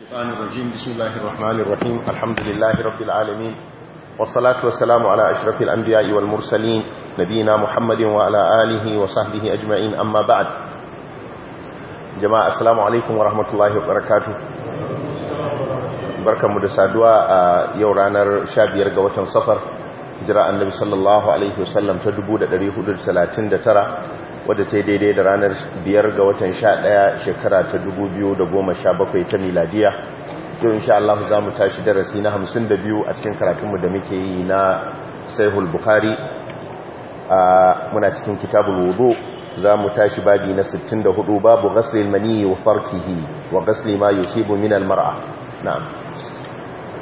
الشيطان الرجيم بسم الله الرحمن الرحيم الحمد لله رب العالمين والصلاة والسلام على أشرف الأنبياء والمرسلين نبينا محمد وعلى آله وصحبه أجمعين أما بعد جماعة السلام عليكم ورحمة الله وبركاته بركة مدسادوة يورانر شابير قوة صفر جراء النبي صلى الله عليه وسلم تدبو دريه درسلاتين دترى wadda ta daidai da ranar biyar ga watan sha 11 shekara ta goma sha bakwai ta miladiya yau insha Allah za mu tashi darasi na 52 a cikin karatunmu da muke yi na sahihul bukhari muna cikin kitabul wudu za mu tashi babi na 64 babu ghaslil mani wa farkihi wa ghasli ma yusibu min al mar'a na'am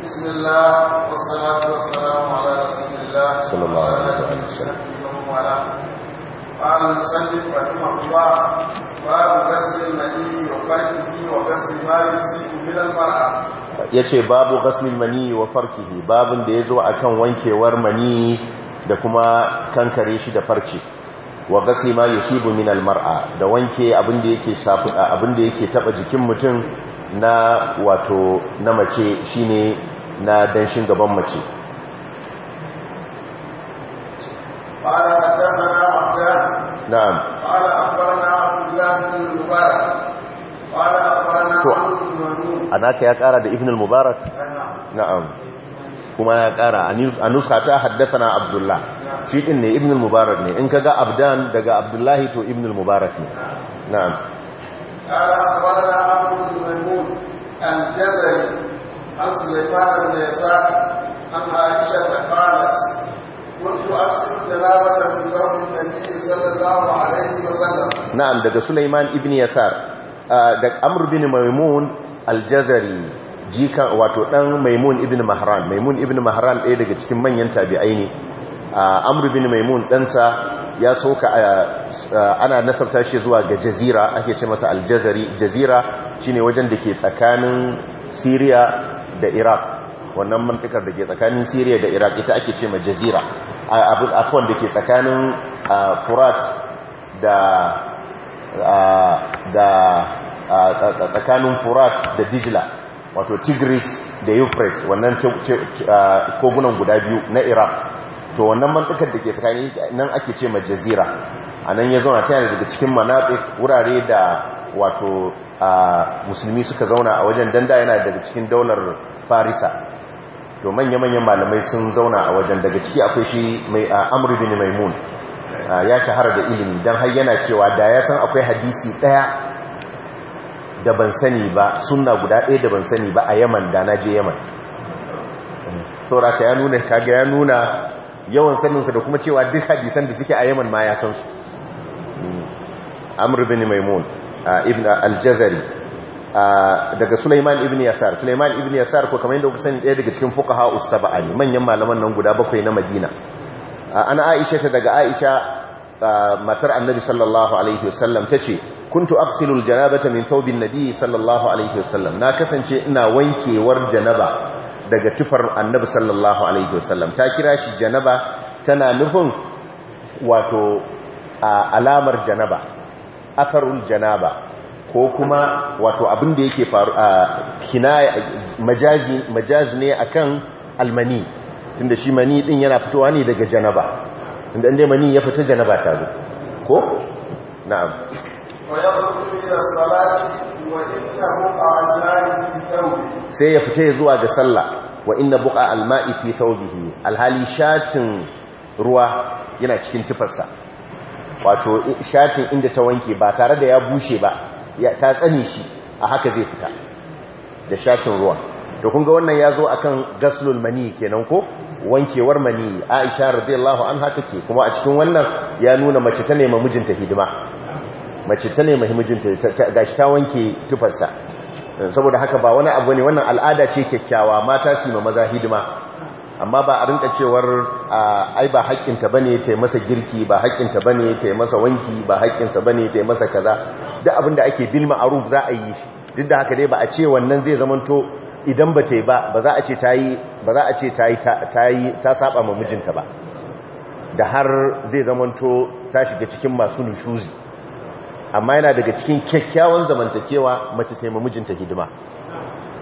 bismillah wassalatu wassalamu ala rasulillah sallallahu alaihi wa sallam قال المصنف رحمه الله باب غسل المني وفركه وغسل ما يصيب من المرأة yace babu ghasmil mani wa farkihi babin da yazo akan wankewar mani da kuma kankare shi da farce wa ghasli ma yusibu min al da wanke abin da yake shafi abin da yake taba jikin mutum na wato na mace shine na danshin gaban mace قال حدثنا Na'am. Wala ya kara da ifin mubarat? Na'am. Kuma ya kara a ta haddasa na Abdullahi. Fiɗin ne ifin mubarat ne in ka ga Abudan daga Abdullahi to ifin mubarat ne. Na'am. Wala abana abu na himu na duniya. Na'am, daga جنابة من Yasar, النبي صلى نعم سليمان ابن يسار jika wato dan maimun ibn mahran maimun ibn mahran ɗaya daga cikin manyan tabi'ai ne amr bin maimun ɗansa ya soka ana nasarta shi zuwa ga jazira ake ce masa aljazari jazira shine wajen da ke tsakanin syria da iraq wannan mantakar da ke tsakanin Syria da Iraq ita ake ce ma jazira afwan da ke tsakanin Furat da tsakanin Furat da Dijla wato Tigris da Euphrates wannan kogunan guda biyu na Iraq to wannan mantakar da ke tsakanin nan ake ce ma jazira a nan ya zauna tayar daga cikin manatik wurare da wato musulmi suka zauna a wajen danda yana daga cikin daular farisa to manya-manyan malamai sun zauna a wajen daga ciki akwai shi mai amru bin maimun ya shahara da ilimi don har yana cewa da ya san akwai hadisi ɗaya da ban sani ba suna guda ɗaya da ban sani ba a yaman da na je yaman sauraka ya nuna kaga ya nuna yawan saninsa da kuma cewa duk hadisan da suke a yaman ma ya san su amru bin maimun ibn al-jazari daga Sulaiman ibn Yasar Sulaiman ibn Yasar ko kamar yadda kuka sani ɗaya daga cikin fuqaha us-sab'a ne manyan malaman nan guda bakwai na Madina ana Aisha ta daga Aisha matar Annabi sallallahu alaihi wasallam tace kuntu aghsilu al-janabata min an nabi sallallahu alaihi wasallam na kasance ina wankewar janaba daga tufar Annabi sallallahu alaihi wasallam ta kira shi janaba tana nufin wato alamar janaba atharul janaba ko kuma wato abin da yake faru a kinaya majazi majazi ne akan almani tunda shi mani din yana fitowa ne daga janaba tunda inda mani ya fita janaba ta zo ko na'am sai ya fita zuwa ga sallah wa inna buqa alma'i fi thawbihi alhali shatin ruwa yana cikin tufarsa wato shatin inda ta wanke ba tare da ya bushe ba ya ta tsani shi a haka zai fita da shafin ruwa da ga wannan ya zo akan gaslul mani kenan ko wankewar mani aisha radiyallahu anha take kuma a cikin wannan ya nuna mace ta nema mijinta hidima mace ta nema mijinta gashi ta wanke tufarsa saboda haka ba wani abu ne wannan al'ada ce kyakkyawa mata su ma maza hidima amma ba a rinka cewar ai ba haƙƙinta bane ta yi masa girki ba haƙƙinta bane ta yi masa wanki ba haƙƙinsa bane ta yi masa kaza da abin da ake bil ma'ruf za a yi shi duk da haka dai ba a ce wannan zai zamanto idan ba ta yi ba ba za a ce ta yi ta saba ma mijinta ba da har zai zamanto ta shiga cikin masu nushuzi amma yana daga cikin kyakkyawan zamantakewa mace ta yi ma mijinta hidima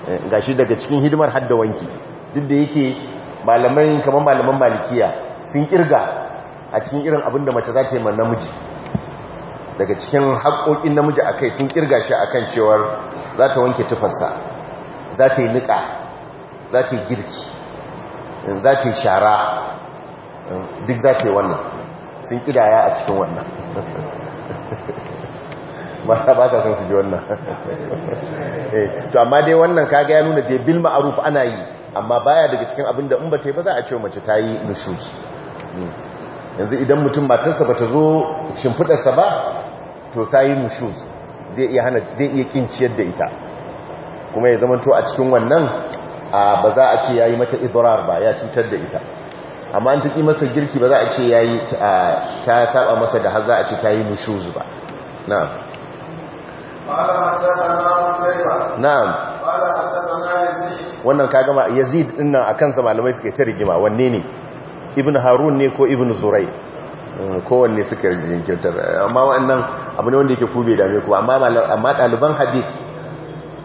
eh, gashi daga cikin hidimar hadda wanki duk da yake malamai kamar malaman malikiya sun kirga a cikin irin abin da mace za ta yi ma namiji daga cikin haƙoƙin namiji a kai sun ƙirga shi a kan cewar za ta wanke tufarsa za ta yi niƙa za ta yi girki za ta yi shara duk za ta yi wannan sun ƙidaya a cikin wannan mata ba ta san su ji wannan eh, to amma dai wannan kaga ya nuna bilma a rufu ana yi amma baya daga cikin abin da in ba ta yi ba za a ce mace ta yi nushuz hmm. yanzu idan mutum matarsa ba ta zo shimfidarsa ba to ta yi nushuz zai iya hana zai iya kinciyar da ita kuma ya zamanto a cikin wannan ba za a ce ya yi mata idrar ba ya cutar da ita amma an taƙi masa girki ba za a ce ya yi ta saba masa da har za a ce ta yi nushuz ba na'am na'am wannan ka gama yazid dinnan akan sa malamai suke ta rigima wanne ne ibn harun ne ko ibn zurai kowanne suka jinkirtar amma wannan abu ne wanda yake kube dame kuma amma ɗaliban hadith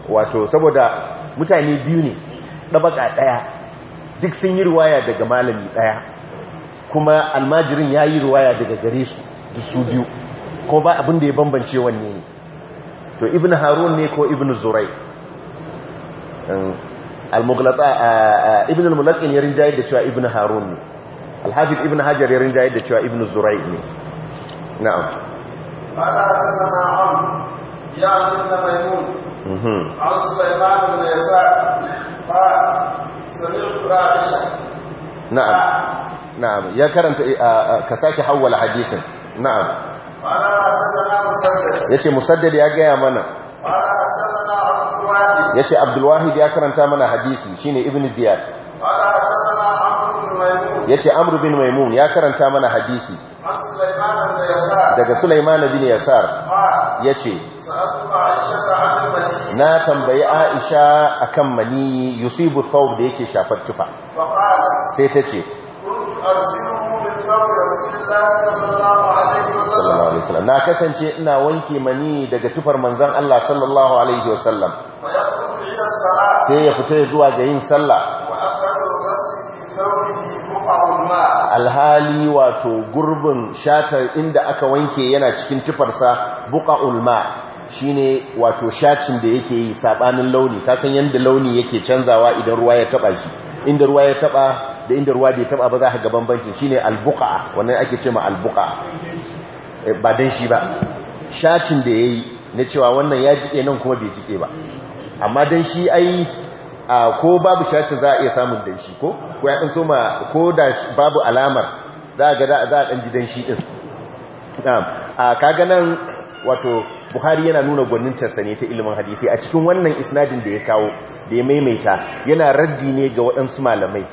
wato saboda mutane biyu ne ɗabaka ɗaya duk sun yi ruwaya daga malami ɗaya kuma almajirin ya yi ruwaya daga gare su da su biyu ko ba abin da ya bambance wanne ne to ibn harun ne ko ibn zurai ibn al-mulaqin ya rinjaye da cewa ibn harun ne alhafiz ibn hajar ya rinjaye da cewa ibn zurai ne na'am ala sanana am ya inna maimun mhm. an sulaiman bin yasa ba sami'tu aisha na'am na'am ya karanta eh, ah, ah, ka sake hawwala hadisin na'am ala sanana musaddad yace ya gaya mana ala sanana abdulwahid ya karanta mana hadisi shine ibn ziyad yace amru bin maimun ya karanta mana hadisi daga sulaiman bin yasar yace na tambayi aisha akan mani yusufu thawb da yake shafar tufa sai ta ce na kasance ina wanke mani daga tufar manzan Allah sallallahu alaihi wasallam sai ya fita zuwa ga yin sallah alhali wato gurbin shatar inda aka wanke yana cikin tufarsa buka ulma ne wato shacin da yake yi saɓanin launi kasan yadda launi yake canzawa idan ruwa ya taba shi inda ruwa ya taba da inda ruwa bai taba ba za ka ga shi ne albuka wannan ake ce ma albuka eh, ba don shi ba shacin da ya yi, na cewa wannan ya jike nan kuma bai jike ba amma don shi ai ko babu shashin za a iya samun danshi ko ko ya ɗan soma ko da babu alamar za a gada za a ɗan ji danshi ɗin a kaga nan wato buhari yana nuna gwanintarsa ne ta ilimin hadisi a cikin wannan isnadin da ya kawo da ya maimaita yana raddi ne ga waɗansu malamai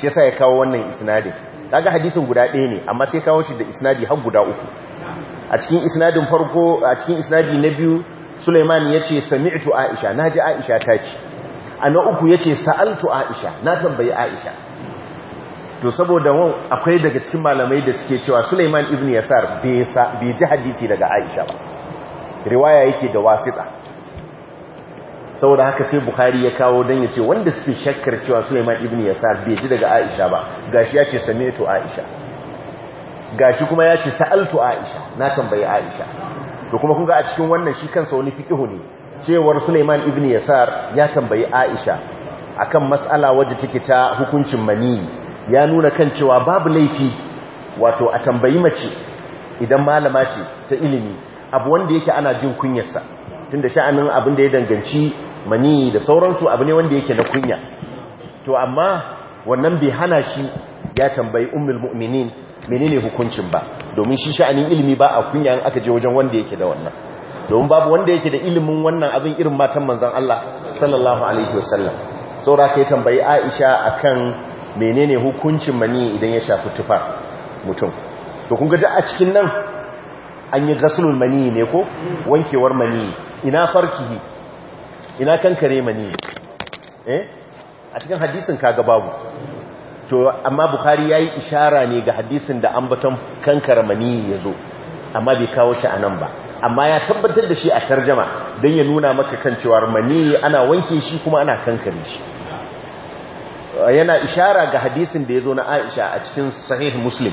shi yasa ya kawo wannan isnadin kaga hadisin guda ɗaya ne amma sai kawo shi da isnadi har guda uku a cikin isnadin farko a cikin isnadi na biyu Sulaiman ya ce sami'tu Aisha na ji Aisha ta ce a na uku ya ce sa'altu aisha na tambayi aisha to saboda wani akwai daga cikin malamai da suke cewa Suleiman ibn Yasar bai ji hadisi daga Aisha ba riwaya yake da wasita saboda haka sai buhari ya kawo don ya ce wanda suke shakkar cewa Suleiman ibn Yasar bai ji daga Aisha ba gashi same to Aisha gashi kuma ya ce sa'altu Aisha na tambayi Aisha to kuma kun a cikin wannan shi kansa wani fikihu ne cewar Suleiman ibn Yasar ya tambayi Aisha akan matsala wadda take ta hukuncin mani ya nuna kan cewa babu laifi wato a tambayi mace idan malama ce ta ilimi abu wanda yake ana jin kunyarsa tunda sha'anin abin da ya danganci mani da sauransu abu ne wanda yake na kunya to amma wannan bai hana shi ya tambayi ummul mu'minin menene hukuncin ba domin shi sha'anin ilimi ba a kunya in aka je wajen wanda yake da wannan domin babu wanda yake da ilimin wannan abin irin matan manzan Allah sallallahu alaihi wasallam saura kai tambayi Aisha akan menene hukuncin mani idan ya shafi tufar mutum to kun ga a cikin nan an yi gasulul mani ne ko wankewar mani ina farkihi ina kankare mani eh a cikin hadisin kaga babu to amma bukhari yayi ishara ne ga hadisin da ambaton kankara mani yazo amma bai kawo shi anan ba amma ya tabbatar da shi a tarjama don ya nuna maka kan cewar mani ana wanke shi kuma ana kankare shi yana ishara ga hadisin da ya zo na aisha a cikin sahih muslim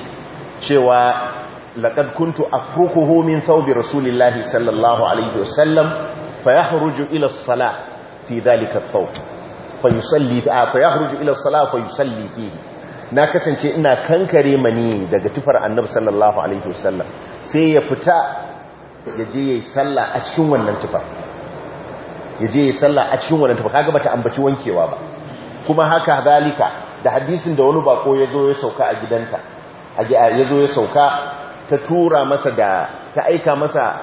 cewa laƙad kuntu afrukuhu homin saubi rasulillahi sallallahu alaihi wasallam fa ya haruju ilassala fi dalika na kasance ina kankare mani daga tufar annabi sallallahu alaihi wasallam sai ya fita Yaje yayi sallah a cikin wannan tufa ya yayi sallah a cikin wannan tufa kaga bata ambaci wankewa ba kuma haka zalika da hadisin da wani bako ya zo ya sauka a gidanta yazo ya sauka ta tura masa da ta aika masa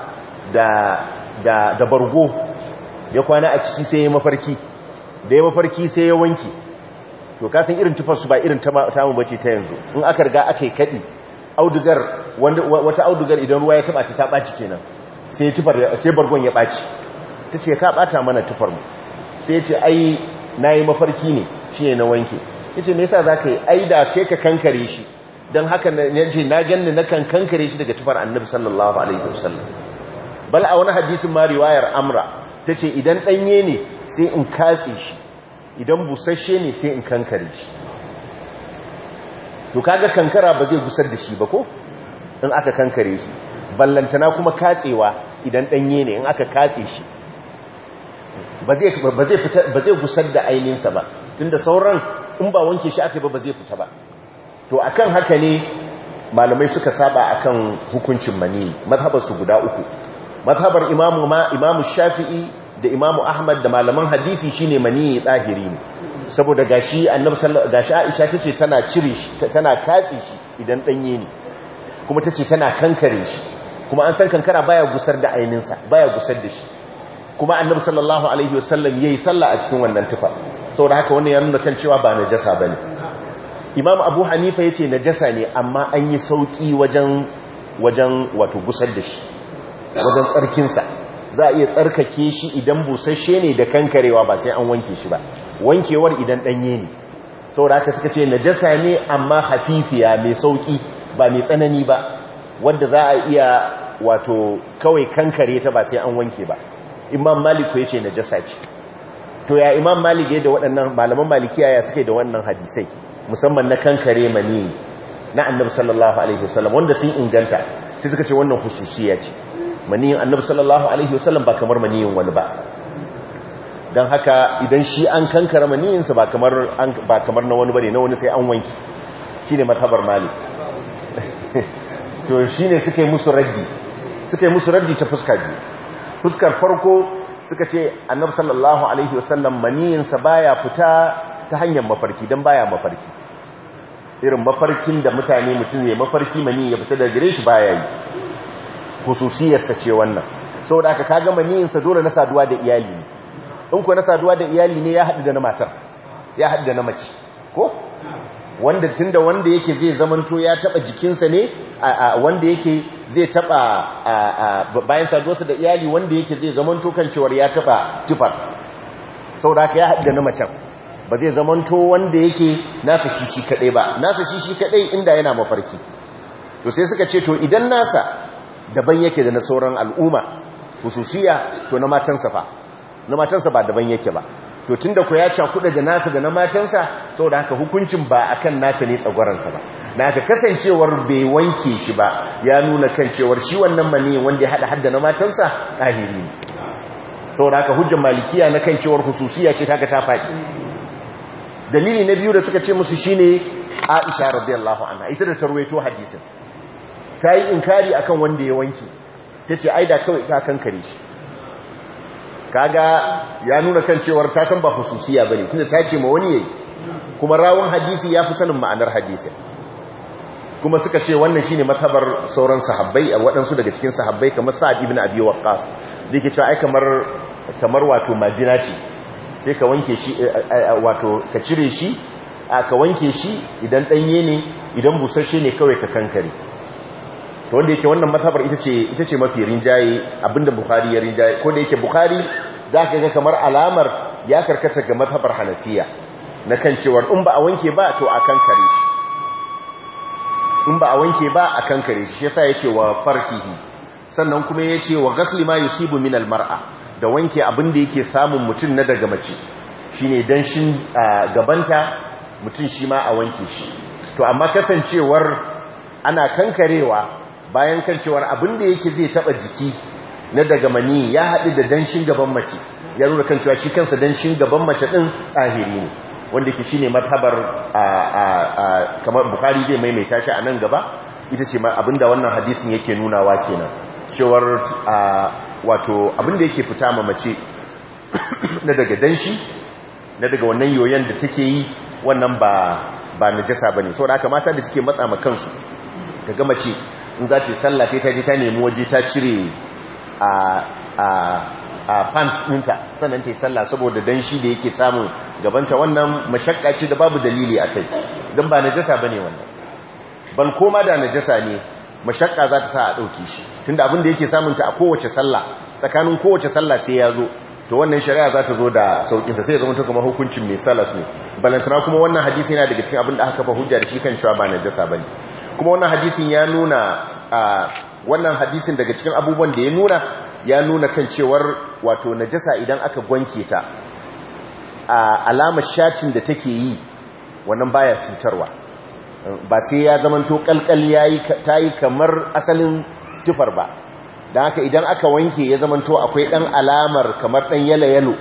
da da da bargo ya kwana a ciki sai ya mafarki da ya mafarki sai ya wanki to kasan irin su ba irin ta mu bace ta yanzu in aka riga aka yi kaɗi audugar wata audugar idan ruwa ya taba ta ta ɓaci kenan sai bargon ya ɓaci ta ce ka ɓata mana mu sai ce ai na yi mafarki ne shi ne na wanke ya ce yasa za ka yi ai da sai ka kankare shi don haka ya ce na ganni na kan kankare shi daga tufar annabi sallallahu alaihi wasallam bal a wani hadisin ma riwayar amra ta ce idan ɗanye ne sai in katse shi idan busasshe ne sai in kankare shi to kaga kankara ba zai gusar da shi ba ko in aka kankare shi ballantana kuma katsewa idan ɗanye ne in aka katse shi ba zai gusar da ainihinsa ba tun da sauran in ba wanke shi aka yi ba ba zai fita ba to akan haka ne malamai suka saba akan hukuncin mani mazhabarsu guda uku mazhabar imamu imamu shafi'i da imamu ahmad da malaman hadisi shine mani tsahiri ne saboda gashi annabi aisha ta ce tana katse shi idan ɗanye ne kuma ta ce tana kankare shi kuma an san kankara baya gusar da sa baya gusar da shi kuma annabi sallallahu alaihi wasallam yayi sallah a cikin wannan tufa saboda haka wannan ya nuna kan cewa ba najasa bane imam abu hanifa yace najasa ne amma an yi sauki wajen wajen wato gusar da shi wajen tsarkin sa za a iya tsarkake shi idan busasshe ne da kankarewa ba sai an wanke shi ba wankewar idan danye ne saboda haka suka ce najasa ne amma hafifiya mai sauki ba mai tsanani ba wanda za a iya wato kawai kankare ta ba sai an wanke ba imam malik ko yace najasa ce to ya imam malik ya da waɗannan malaman malikiya ya suke da wannan hadisai musamman na kankare mani na annabi sallallahu alaihi wasallam wanda sun inganta sai suka ce wannan hususiya ce mani annabi sallallahu alaihi wasallam ba kamar maniyin wani ba don haka idan shi an kankara sa ba kamar ba kamar na wani bane na wani sai an wanki shine mazhabar malik to shine suke musu raddi suka yi musu raddi ta fuska biyu fuskar farko suka ce annab sallallahu alaihi wasallam maniyinsa baya fita ta hanyar mafarki don baya mafarki irin mafarkin da mutane mutum ya mafarki mani ya fita da gare shi baya yi hususiyarsa ce wannan saboda aka kaga maniyinsa dole na saduwa da iyali ne in na saduwa da iyali ne ya haɗu da na matar ya haɗu da na mace ko wanda tunda wanda yake zai zamanto ya taba jikinsa ne wanda yake zai taba bayan saduwarsa da iyali wanda yake zai zamanto kan cewar ya taba tufar saboda haka ya haɗu haɗa na macen ba zai zamanto wanda yake nasa shishi kadai ba nasa shishi kadai inda yana mafarki to sai suka ce to idan nasa daban yake da na sauran al'umma hususiya to na matansa ba daban yake ba to tunda ku ya cakuɗa da nasa da na matansa saboda haka hukuncin ba akan nasa ne tsagwaransa ba na haka kasancewar bai wanke shi ba ya nuna kan cewar shi wannan mani wanda ya haɗa hadda na matansa ɗahiri ne saboda haka hujjan malikiya na kan cewar hususiya ce ga ta faɗi dalili na biyu da suka ce musu shine Aisha radiyallahu anha ita da tarwaito hadisin ta yi inkari akan wanda ya wanke tace ai da kawai ka kankare shi kaga ya nuna kan cewar ta san ba hususiya bane tunda ta ce ma wani yayi kuma rawun hadisi ya fi sanin ma'anar hadisi kuma suka ce wannan shine mazhabar sauran sahabbai a waɗansu daga cikin sahabbai kamar Sa'ad ibn Abi Waqqas da yake cewa ai kamar kamar wato majina ce sai ka wanke shi eh, eh, eh, wato ka cire shi ka wanke shi idan danye ne idan busasshe ne kawai ka kankare to wanda yake wannan mazhabar ita ce ita ce mafi rinjaye abinda bukhari ya rinjaye ko da yake bukhari zaka ga kamar alamar ya karkata ga mazhabar hanafiya na kan cewa in ba a wanke ba to a kankare shi in ba a wanke ba a kankare shi shi yasa yace wa farkihi sannan kuma yace wa ghasli ma yusibu min almar'a. da wanke abin da yake samun mutun na daga mace shine danshin gabanta mutun shi ma a wanke shi to amma kasancewar ana kankarewa bayan kan cewar abinda yake zai taba jiki na daga mani ya haɗu da danshin gaban mace ya nuna kan cewa shi kansa danshin gaban mace ɗin ɗahiri ne wanda ke shi ne martabar kamar bukari zai maimaita shi a nan gaba ita ce abinda wannan hadisin yake nunawa kenan cewar wato abinda yake fita ma mace na daga danshi na daga wannan yoyon da take yi wannan ba ba najasa saboda haka mata da suke matsa ma kansu gama mace in za ta yi sallah sai ta ji ta nemi waje ta cire a pant ninta sannan ta yi sallah saboda danshi da yake samun gabanta wannan mashakka ce da babu dalili a kai don ba najasa ba ne wannan ban koma da najasa ne mashakka za ta sa a ɗauki shi tunda abin da yake samunta a kowace salla tsakanin kowace salla sai ya zo to wannan shari'a za ta zo da saukinsa sai ya zama tukuma hukuncin mai salas ne balantana kuma wannan hadisi yana daga cikin abin da aka kafa hujja da shi kan cewa ba najasa ba ne kuma wannan hadisin ya nuna a wannan hadisin daga cikin abubuwan da ya nuna ya nuna kan cewar wato najasa idan aka gwanke ta a alamar shacin da take yi wannan baya cutarwa ba sai ya zamanto kalkal yayi yi kamar asalin tufar ba dan haka idan aka wanke ya zamanto akwai dan alamar kamar dan yalo yalo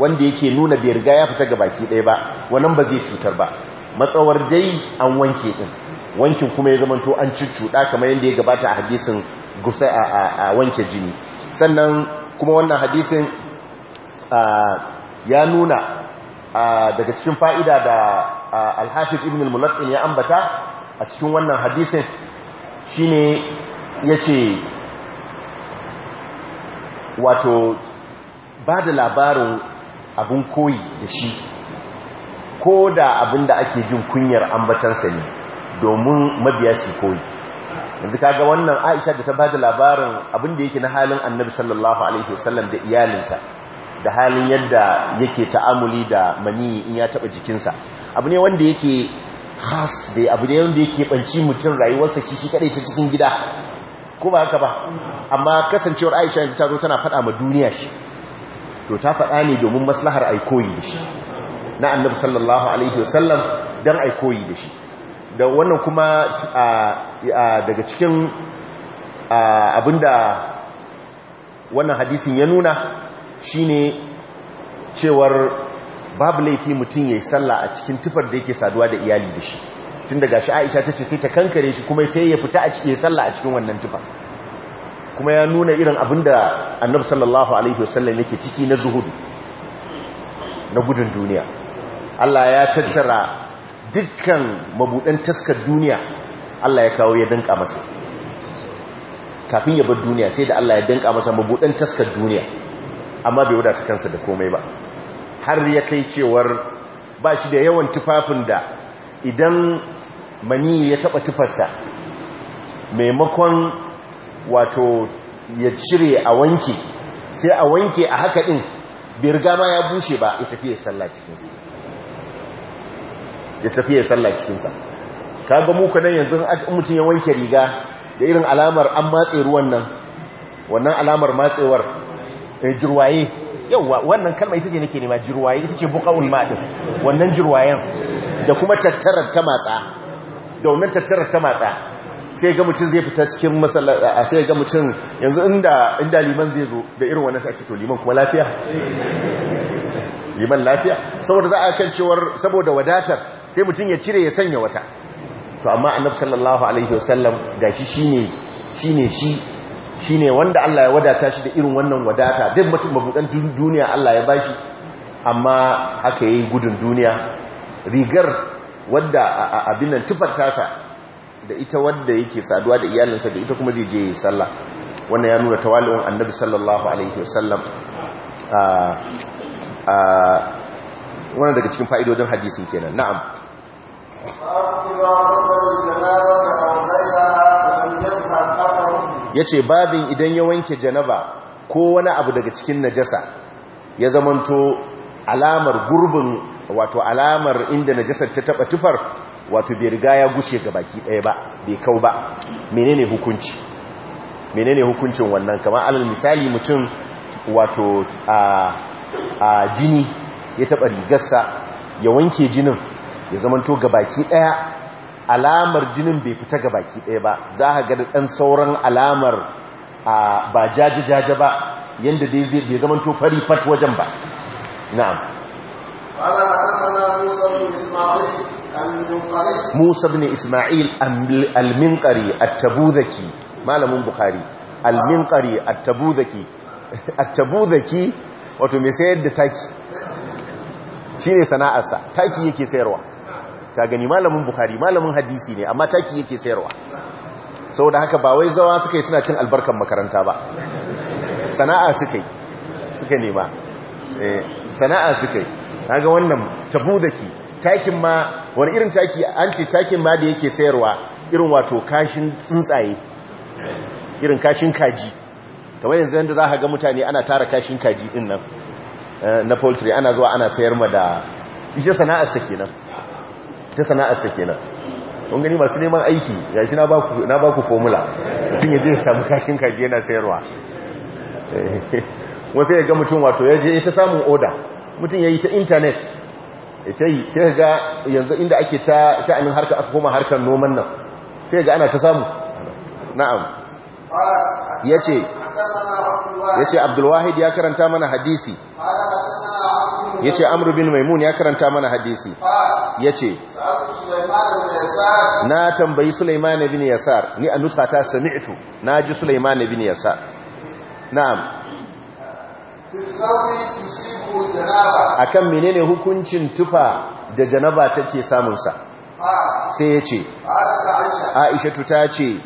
wanda yake nuna bai riga ya fita ga baki ɗaya ba wannan ba zai cutar ba matsawar dai an wanke din wankin kuma ya zamanto an cuccuɗa kamar yadda ya gabata a hadisin gusa a wanke jini sannan kuma wannan hadisin ya nuna daga cikin fa'ida da alhafiz ibn al ya ambata a cikin wannan hadisin shine ya ce wato ba da labarin abin koyi da shi ko da abin da ake jin kunyar ambatansa ne domin mabiya shi koyi yanzu kaga wannan Aisha da ta ba da labarin abin da yake na halin Annabi sallallahu alaihi wasallam da iyalinsa da halin yadda yake ta'amuli da mani in ya taba jikinsa abu ne wanda yake khas da abu ne wanda yake banci mutum rayuwarsa shi shi kadai ta cikin gida ko ba haka ba amma kasancewar Aisha yanzu ta zo tana faɗa ma duniya shi to ta faɗa ne domin maslahar aikoyi da shi na Annabi sallallahu alaihi wasallam dan aikoyi da shi da wannan kuma daga cikin abinda wannan hadisin ya nuna shine cewar babu laifi mutum ya yi sallah a cikin tufar da yake saduwa da iyali da shi tun daga shi aisha ta ce sai ta kankare shi kuma sai ya fita a cikin sallah a cikin wannan tufa kuma ya nuna irin abinda annab sallallahu alaihi wasallam yake ciki na zuhudu na gudun duniya Allah ya tattara dukkan mabudan taskar duniya Allah ya kawo ya danka masa kafin ya bar duniya sai da Allah ya danka masa mabudan taskar duniya amma bai wadata kansa da komai ba har ya kai cewar ba shi da yawan tufafin da idan mani ya taba tufarsa maimakon wato ya cire a wanke sai a wanke a haka ɗin, bai ma ya bushe ba ya tafi sallah cikin ya tafi ya sallah cikinsa kaga muka nan yanzu mutum ya wanke riga da irin alamar an matse ruwan nan wannan alamar matsewar eh, jirwaye yauwa wannan kalma ita ce nake nema jirwaye ita ce buqaul ma'adin wannan jirwayen da kuma tattarar ta matsa da tattarar ta matsa sai ga mutum zai fita cikin a sai ga mutum yanzu inda inda liman zai zo da irin wannan sai to liman kuma lafiya liman lafiya saboda za a kan cewar saboda wadatar sai mutum ya cire ya sanya wata to amma annabi sallallahu alaihi wasallam gashi shine shine shi shine wanda Allah ya wadata shi da irin wannan wadata duk mutum mabudan duniya Allah ya bashi amma haka yayi gudun duniya rigar wadda abin nan tufar tasa da ita wadda yake saduwa da iyalinsa da ita kuma zai je sallah wannan ya nuna tawali'un annabi sallallahu alaihi wasallam a ah, ah, wannan daga cikin fa'idodin hadisin kenan na'am ya ce babin idan ya wanke janaba ko wani abu daga cikin najasa ya zamanto alamar gurbin wato alamar inda najasar ta taba tufar wato bai riga ya gushe ga baki ɗaya ba bai kau ba menene hukunci menene hukuncin wannan kamar alal misali mutum wato a jini ya taba rigarsa ya wanke jinin ya zamanto gabaki daya alamar jinin bai fita gabaki daya ba za ka ga da dan sauran alamar ba jaji jaje ba yanda dai bai zamanto fari fat wajen ba na'am musa bin isma'il al-minqari musa bin isma'il al-minqari at-tabuzaki malamin bukhari al-minqari at-tabuzaki at-tabuzaki wato mai sayar da taki shine sana'arsa taki yake sayarwa ka gani malamin bukhari malamin hadisi ne amma taki yake sayarwa saboda haka ba wai zawa suka yi suna cin albarkan makaranta ba sana'a suka yi suka nema eh, sana'a suka yi kaga wannan tabu da ki takin ma wani irin taki an ce takin ma da yake sayarwa irin wato kashin tsuntsaye irin kashin kaji kamar yanzu yadda za a ga mutane ana tara kashin kaji din nan eh, na poultry ana zuwa ana sayar ma da ishe suke nan. ta sana'arsa kenan kun gani masu neman aiki ya shi na baku formula mutum ya je samu kashin kaji yana sayarwa eh, wasu ya ga mutum wato ya je ta samun oda mutum ya yi ta intanet ta yi sai ga yanzu inda ake ta sha'anin harka aka koma harkar noman nan sai ga ana ta samu na'am ya ce ya ce abdulwahid ya karanta mana hadisi ya ce amru bin maimun ya karanta mana hadisi ya ce na tambayi suleiman bin Yasar ni a sami sami'tu na ji Suleiman bin Yasar na'am akan menene hukuncin tufa da janaba take samunsa sai ya ce aisha ta ce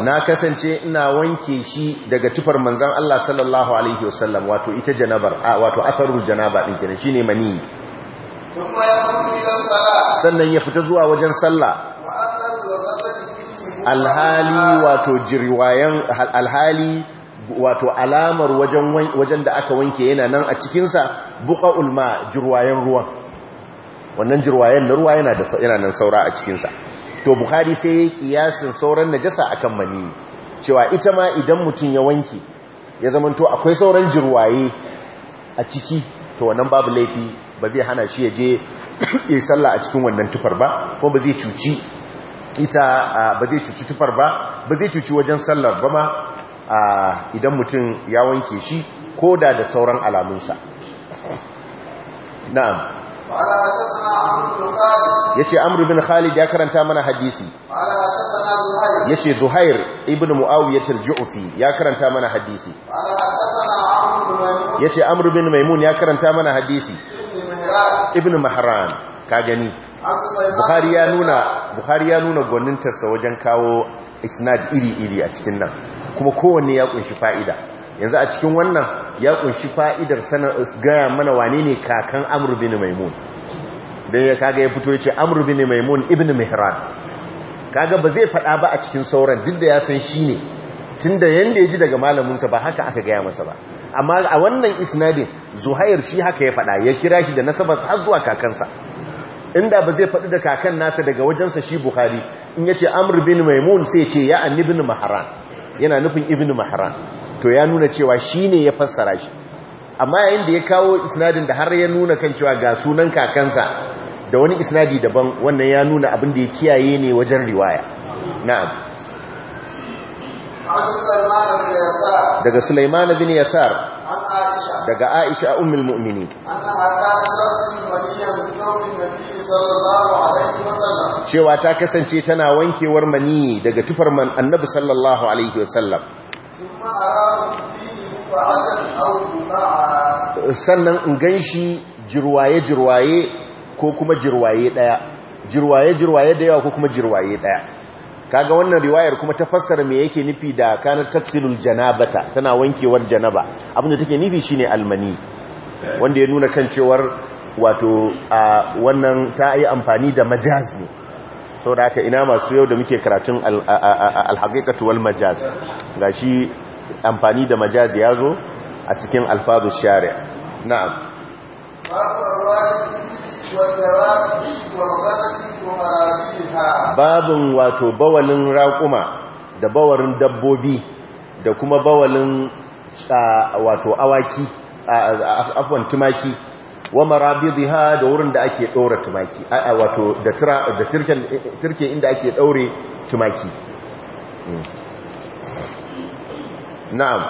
na kasance ina wanke shi daga tufar manzan Allah sallallahu alaihi wasallam wato ita janabar a wato atharul janaba din kenan shine mani sannan ya fita zuwa wajen sallah alhali wato jirwayan alhali wato alamar wajen wajen da aka wanke yana nan a cikinsa buqa'ul ma jirwayen ruwan wannan jirwayen na ruwa yana nan saura a cikinsa to Buhari sai ya kiyasin sauran najasa akan mani cewa ita ma idan mutum ya wanke ya zamanto akwai sauran jirwaye a ciki to wannan babu laifi ba zai hana shi ya je ya sallah a cikin wannan tufar ba ko ba zai cuci ita ba zai cuci tufar ba ba zai cuci wajen sallar ba ma idan mutum ya wanke shi ko da da sauran alamunsa na'am yace amru bin khalid ya karanta mana hadisi yace zuhair ibn muawiyah al-ju'fi ya karanta mana hadisi yace amru bin maimun ya karanta mana hadisi ibn mahran ka gani bukhari ya nuna bukhari ya nuna tarsa wajen kawo isnad iri iri a cikin nan kuma kowanne ya kunshi fa'ida yanzu a cikin wannan ya kunshi fa'idar gaya mana wane ne kakan amru bin maimun don ya kaga ya fito ya ce amru bin maimun ibn mihran kaga ba zai faɗa ba a cikin sauran duk da ya san shi ne tun da yadda ya ji daga malaminsa ba haka aka gaya masa ba amma a wannan isnadin zuhair shi haka ya faɗa ya kira shi da nasabar har zuwa kakansa inda ba zai faɗi da kakan nasa daga wajensa shi buhari in ya ce amur bin maimun sai ce ya annibin maharan yana nufin ibn maharan to ya nuna cewa shi ne ya fassara shi amma yayin da ya kawo isnadin da har ya nuna kan cewa ga sunan kakansa da wani isnadi daban wannan ya nuna abin da ya kiyaye ne wajen riwaya na'am daga Sulaiman bin Yasar daga Aisha ummul mu'minin cewa ta kasance tana wankewar mani daga tufar man annabi sallallahu alaihi wasallam sannan in gan shi jirwaye-jirwaye ko kuma jirwaye ɗaya jirwaye-jirwaye da yawa ko kuma jirwaye ɗaya kaga wannan riwayar kuma ta fassara me yake nufi da kanar Taksilul janabata tana wankewar janaba Abin abinda take nufi shine almani wanda ya nuna kan cewar wato a wannan ta yi amfani da majaz ne saboda haka ina masu yau da muke karatun alhaqiqatu wal majaz shi amfani da majaz ya zo a cikin alfazu shari'a na'am Babin wato bawalin raƙuma da bawarin dabbobi da kuma bawalin wato awaki afwan tumaki wa marabidha da wurin da ake daura tumaki a wato da tira da tirken tirke inda ake daure tumaki hmm. na'am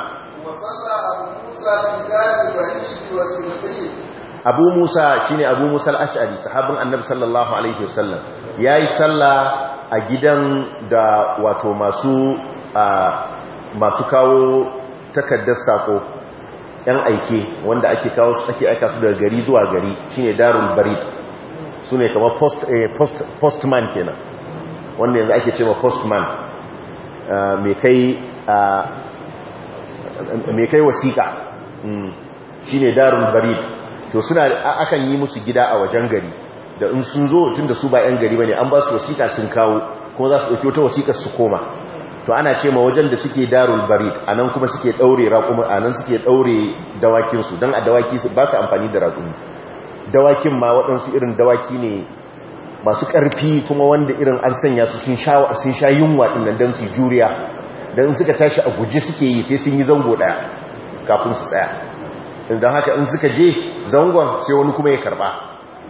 abu musa shine abu musa al-ash'ari sahabin annabi sallallahu alaihi wasallam yayi sallah a gidan da wato masu masu kawo takaddar sako yan aike wanda ake kawo su ake aika su daga gari zuwa gari shine darul barid su ne kama eh, postman kenan wanda yanzu ake ce ma postman ah, mai ah, kai wasiƙa hmm. shi ne darun barid to suna akan yi musu gida a wajen gari da in sun zo tun da su ba 'yan gari ba ne an ba su wasiƙa sun kawo kuma za su ɗauki wata wasiƙa su koma to ana ce ma wajen da suke darul barid anan kuma suke daure anan suke daure dawakin su dan a dawaki ba su amfani da raƙumi dawakin ma waɗansu irin dawaki ne masu ƙarfi kuma wanda irin an sanya su sun sha sun sha yunwa din nan dan su juriya dan suka tashi a guji suke yi sai sun yi zango ɗaya kafin su tsaya idan haka in suka je zangon sai wani kuma ya karba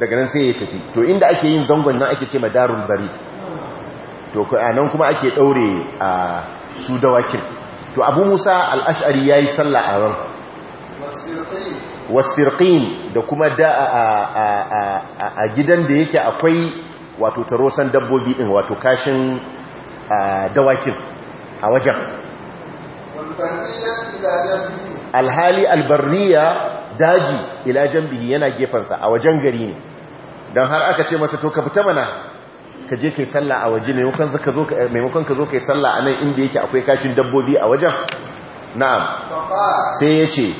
daga nan sai ya tafi to inda ake yin zangon nan ake ce ma darul barid to nan kuma ake daure a su dawakin to abu musa al'ashari ya yi sallah a ran wasirƙin da kuma da a gidan da yake akwai wato tarosan dabbobi ɗin wato kashin dawakin a wajen alhali albarniya daji ila jambihi yana gefensa a wajen gari ne don har aka ce masa to ka fita mana ka je kai sallah a waje maimakon ka zo kai sallah anan inda yake akwai kashin dabbobi a wajen na'am sai ya yace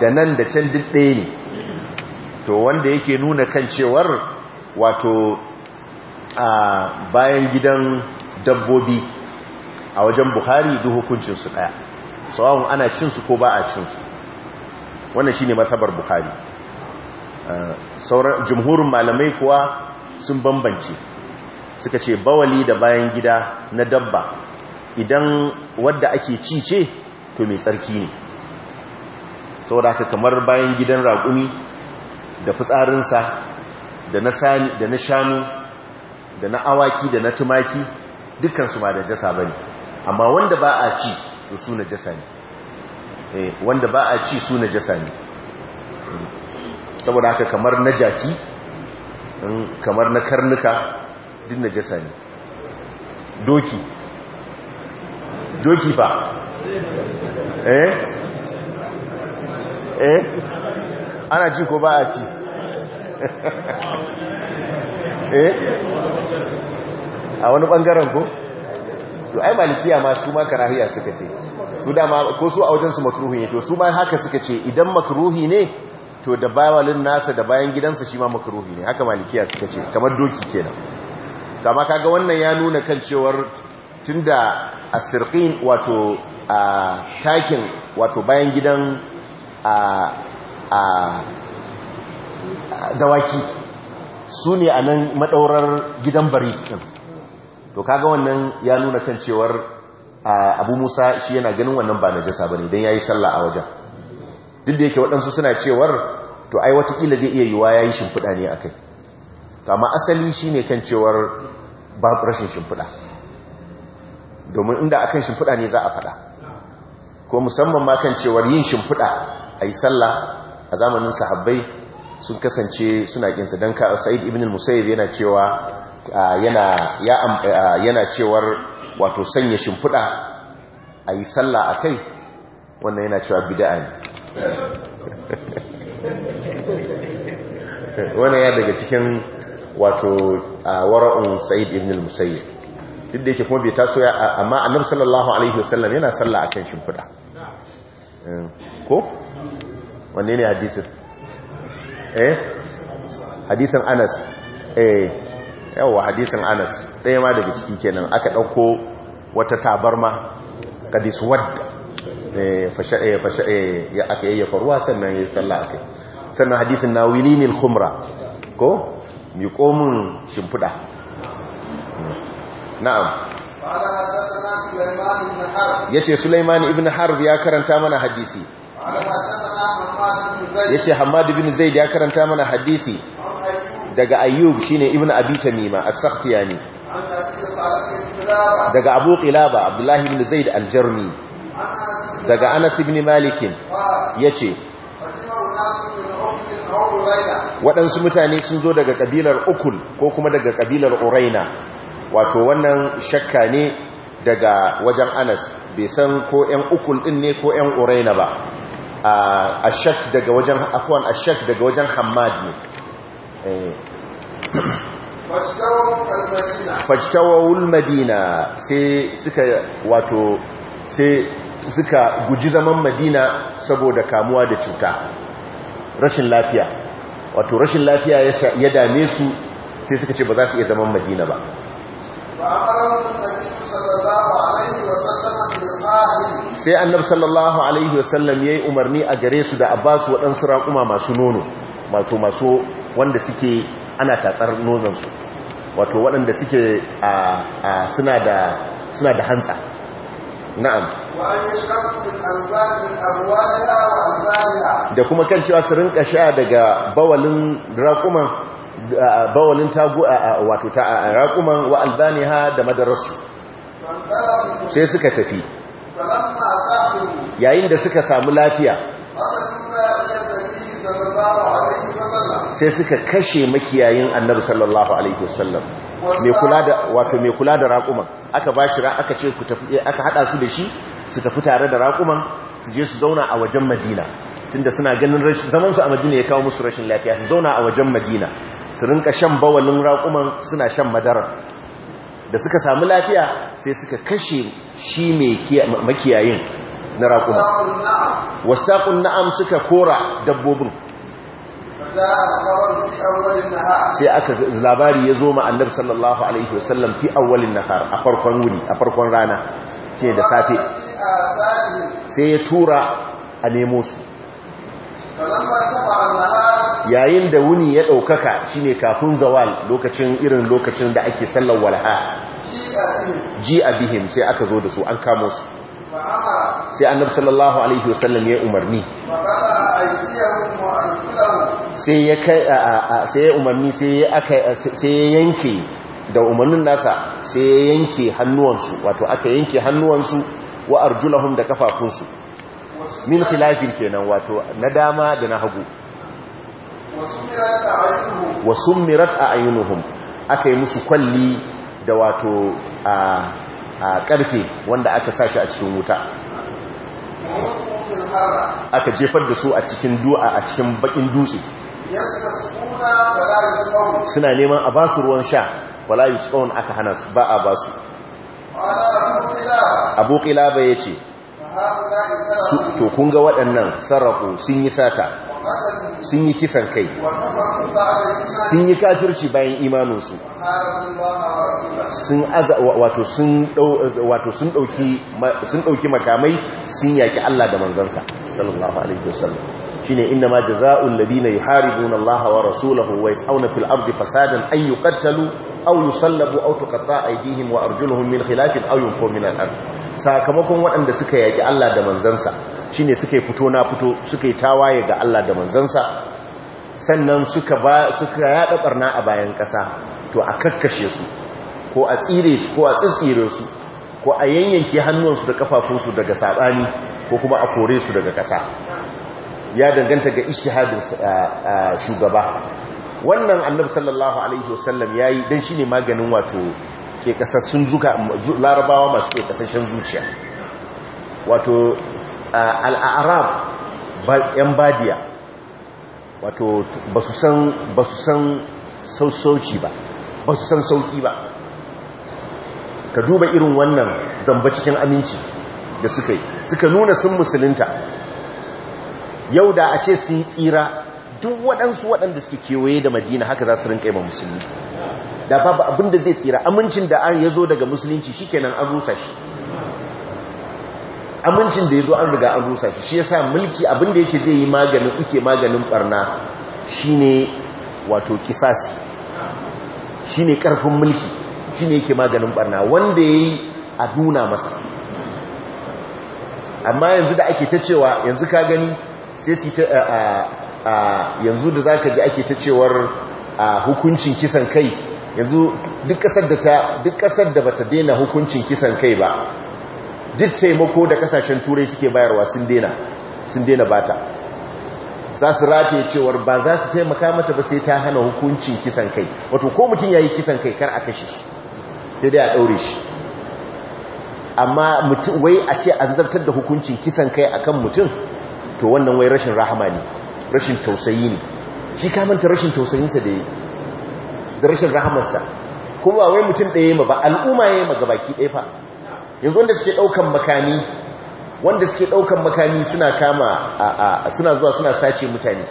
da nan da can duk ɗaya ne to wanda yake nuna kan cewar wato a bayan gidan dabbobi a wajen buhari duk hukuncinsu su ɗaya ana cinsu ko ba a cinsu su wannan ne matsabar buhari sauran jumhurin malamai kuwa sun bambance suka ce bawali da bayan gida na dabba idan wadda ake ci ce to mai tsarki ne saboda haka kamar bayan gidan raƙumi da fitsarinsa da na shanu da na awaki da na tumaki dukansu ba da jasa ba ne amma wanda ba a ci to su na jasa ne eh, wanda ba a ci su na jasa ne saboda haka kamar na jaki kamar na karnuka duk na jasa ne doki doki ba eh eh ana ci ko ba a ci eh a wani bangaren ko to ai malikiya ma su ma karahiya suka ce su dama ko su a wajen su makruhi ne to su ma haka suka ce idan makruhi ne to da bawalin nasa da bayan gidansa shi ma makaruhi ne haka malikiya suka ce kamar doki kenan kama kaga wannan ya nuna kan cewar tunda asirqin wato a takin wato bayan gidan a a dawaki su ne a nan maɗaurar gidan barikin to kaga wannan ya nuna kan cewar abu musa shi yana ganin wannan ba na jasa ba ne don ya yi sallah a wajen duk da yake waɗansu suna cewar to ai watakila zai iya yiwa ya yi shimfiɗa ne a kai amma asali shi ne kan cewar ba rashin shimfiɗa domin inda akan shimfiɗa ne za a faɗa ko musamman ma kan cewar yin shimfiɗa a yi sallah a zamanin sahabbai sun kasance suna ƙinsa don ka sa'id ibn musayib yana cewa yana cewar wato sanya shimfiɗa a yi sallah a kai wannan yana cewa bida'a ne Wani ya daga cikin wato a wara'un sa'id ibn al-musayyib duk da yake kuma bai taso ya amma annabi sallallahu alaihi wasallam yana sallah akan shimfida eh, ko wanne ne hadisin eh hadisin Anas eh yawa hadisin Anas ɗaya ma daga ciki kenan aka ɗauko wata tabarma kadis wadda Eh, eh, eh, ya aka yayyafa faruwa sannan ya yi sallah aka sannan hadisin na wilinil khumra ko mi komin shimfiɗa na'am ya ce Suleimani ibn harb ya karanta mana hadisi ya ce hamadu bin zaid ya karanta mana hadisi daga ayyub shine ibn abi tamima as-sakhtiyani daga abu qilaba abdullahi bin zaid al-jarmi daga anas ibn malikin yace ce waɗansu mutane sun zo daga kabilar ukul ko kuma daga kabilar uraina wato wannan shakka ne daga wajen anas bai san ko 'yan ukul din ne ko 'yan uraina ba a shak daga wajen afwan a shak daga wajen hamad ne eh. fajtawawul madina sai suka wato sai suka guji zaman madina saboda kamuwa da cuta rashin lafiya wato rashin lafiya ya dame su sai suka ce ba za su iya zaman madina ba sai annabi sallallahu alaihi wasallam ya yi umarni a gare su da abbasu waɗansu raƙuma masu nono wato masu wanda suke ana tatsar nonansu wato waɗanda suke suna da hantsa na'am da kuma kan cewa su rinka sha daga bawalin raƙuman bawalin tagu wato ta raƙuman wa albaniha da madarasu sai suka tafi yayin da suka samu lafiya sai suka kashe makiyayin annabi sallallahu alaihi wasallam mai kula da wato mai kula da raƙuman aka bashi aka ce ku tafi aka hada su da shi su tafi tare da raƙuman su je su zauna a wajen madina tunda suna ganin rashin zamansu a madina ya kawo musu rashin lafiya su zauna a wajen madina su rinka shan bawalin raƙuman suna shan madara da suka samu lafiya sai suka kashe shi makiyayin na raƙuma wasaƙun na'am suka kora dabbobin sai aka labari ya zo ma annabi sallallahu alaihi wasallam fi awwalin nahar a farkon wuni a farkon rana shine da safe sai ya tura a nemo su yayin da wuni ya ɗaukaka ne kafin zawal lokacin irin lokacin da ake sallar walha ji a bihim sai aka zo da su an kamo su sai annab sallallahu alaihi wasallam ya umarni sai ya umarni sai ya yanke da umarnin nasa sai ya yanke hannuwansu wato aka yanke hannuwansu wa arjulahum da kafafunsu min khilafin kenan wato na dama da na hagu wa summirat a'yunuhum aka yi musu kwalli da wato a karfe wanda aka sashi a cikin wuta aka jefar da su a cikin du'a a cikin bakin dutse suna neman a basu ruwan sha wala yusqawun aka hana su ba a ba su abu ya ce to kun ga waɗannan sarrafu sun yi sata sun yi kisan kai sun yi kafirci bayan imaninsu sun aza wato sun ɗauki makamai sun yaki Allah da manzansa sallallahu alaihi wasallam shine inna ma jazaa'ul ladina yuharibuna Allah wa rasulahu wa yas'una fil ardi fasadan an yuqattalu aw yusallabu aw a aydihim wa arjuluhum min khilafin aw yunfu min al-ard sakamakon waɗanda suka yaki Allah da manzansa shine suka fito na fito suka tawaye ga Allah da manzansa sannan suka ba suka a bayan ƙasa to a kakkashe su ko a tsire su ko a tsitsire su ko a yanyanke hannuwansu da kafafunsu daga sabani ko kuma a kore su daga ƙasa ya danganta ga ishihadin shugaba wannan annabi sallallahu alaihi wasallam yayi dan shine maganin wato ke kasassun zuka larabawa masu ke kasashen zuciya wato al'arab yan badiya wato ba san basu san sausauci ba basu san sauki ba ka duba irin wannan zamba cikin aminci da suka yi suka nuna sun musulunta yau da a ce sun tsira duk waɗansu waɗanda suke kewaye da madina haka za su rinka yi musulmi da babu abin da zai tsira amincin da an ya zo daga musulunci shi kenan an rusa shi amincin da ya zo an riga an rusa shi shi ya sa mulki abin da yake zai yi maganin uke maganin barna shi ne wato kisasi shi ne ƙarfin mulki shi ne yake maganin barna wanda ya yi a nuna masa amma yanzu da ake ta cewa yanzu ka gani sai su yanzu da za ka ji ake ta cewar hukuncin kisan kai yanzu duk kasar da ta duk kasar da bata daina hukuncin kisan kai ba duk taimako da kasashen turai suke bayarwa sun daina sun daina bata za su rataye cewar ba za su taimaka mata ba sai ta hana hukuncin kisan kai wato ko mutum ya yi kisan kai kar a kashe shi sai dai a ɗaure shi amma mutum wai a ce a zartar da hukuncin kisan kai akan mutum to wannan wai rashin rahama ne rashin tausayi ne shi kamanta rashin tausayinsa da da rashin rahamarsa kuma ba wai mutum ɗaya ma ba al'umma ya yi ma gabaki ɗaya fa yanzu wanda suke ɗaukan makami wanda suke ɗaukan makami suna kama suna zuwa suna sace mutane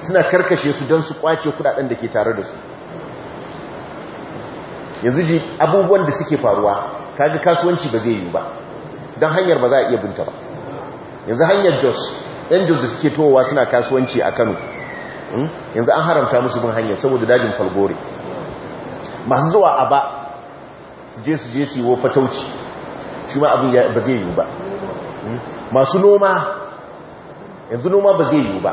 suna karkashe su don su kwace kuɗaɗen da ke tare da su yanzu ji abubuwan da suke faruwa kaga kasuwanci ba zai yi ba don hanyar ba za a iya binta ba yanzu hanyar jos yan da suke towa suna kasuwanci a kano hmm? yanzu an haramta musu bin hanyar saboda dajin falgore masu zuwa a ba su je su je su yi wo fatauci shi ma abin ba zai yiwu ba hmm? masu noma yanzu noma ba zai yiwu ba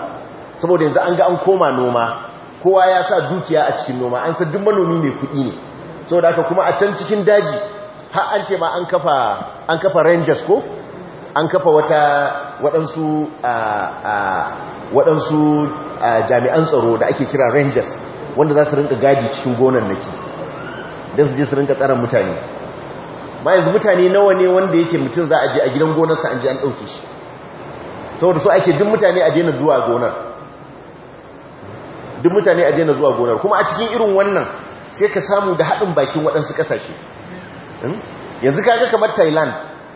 saboda yanzu an ga an koma noma kowa ya sa dukiya a cikin noma an sa duk manomi mai kudi ne saboda haka kuma a can cikin daji har an ce ma an kafa rangers ko an kafa wata waɗansu waɗansu jami'an tsaro da ake kira rangers wanda za su rinka gadi cikin naki don su je su rinka tsara mutane ma yanzu mutane nawa ne wanda yake mutum za a je a gidan gonarsa an je an ɗauke shi saboda so ake duk mutane a daina zuwa gonar duk mutane a daina zuwa gonar kuma a cikin irin wannan sai ka samu da haɗin bakin waɗansu ƙasashe hmm? yanzu kaga kamar thailand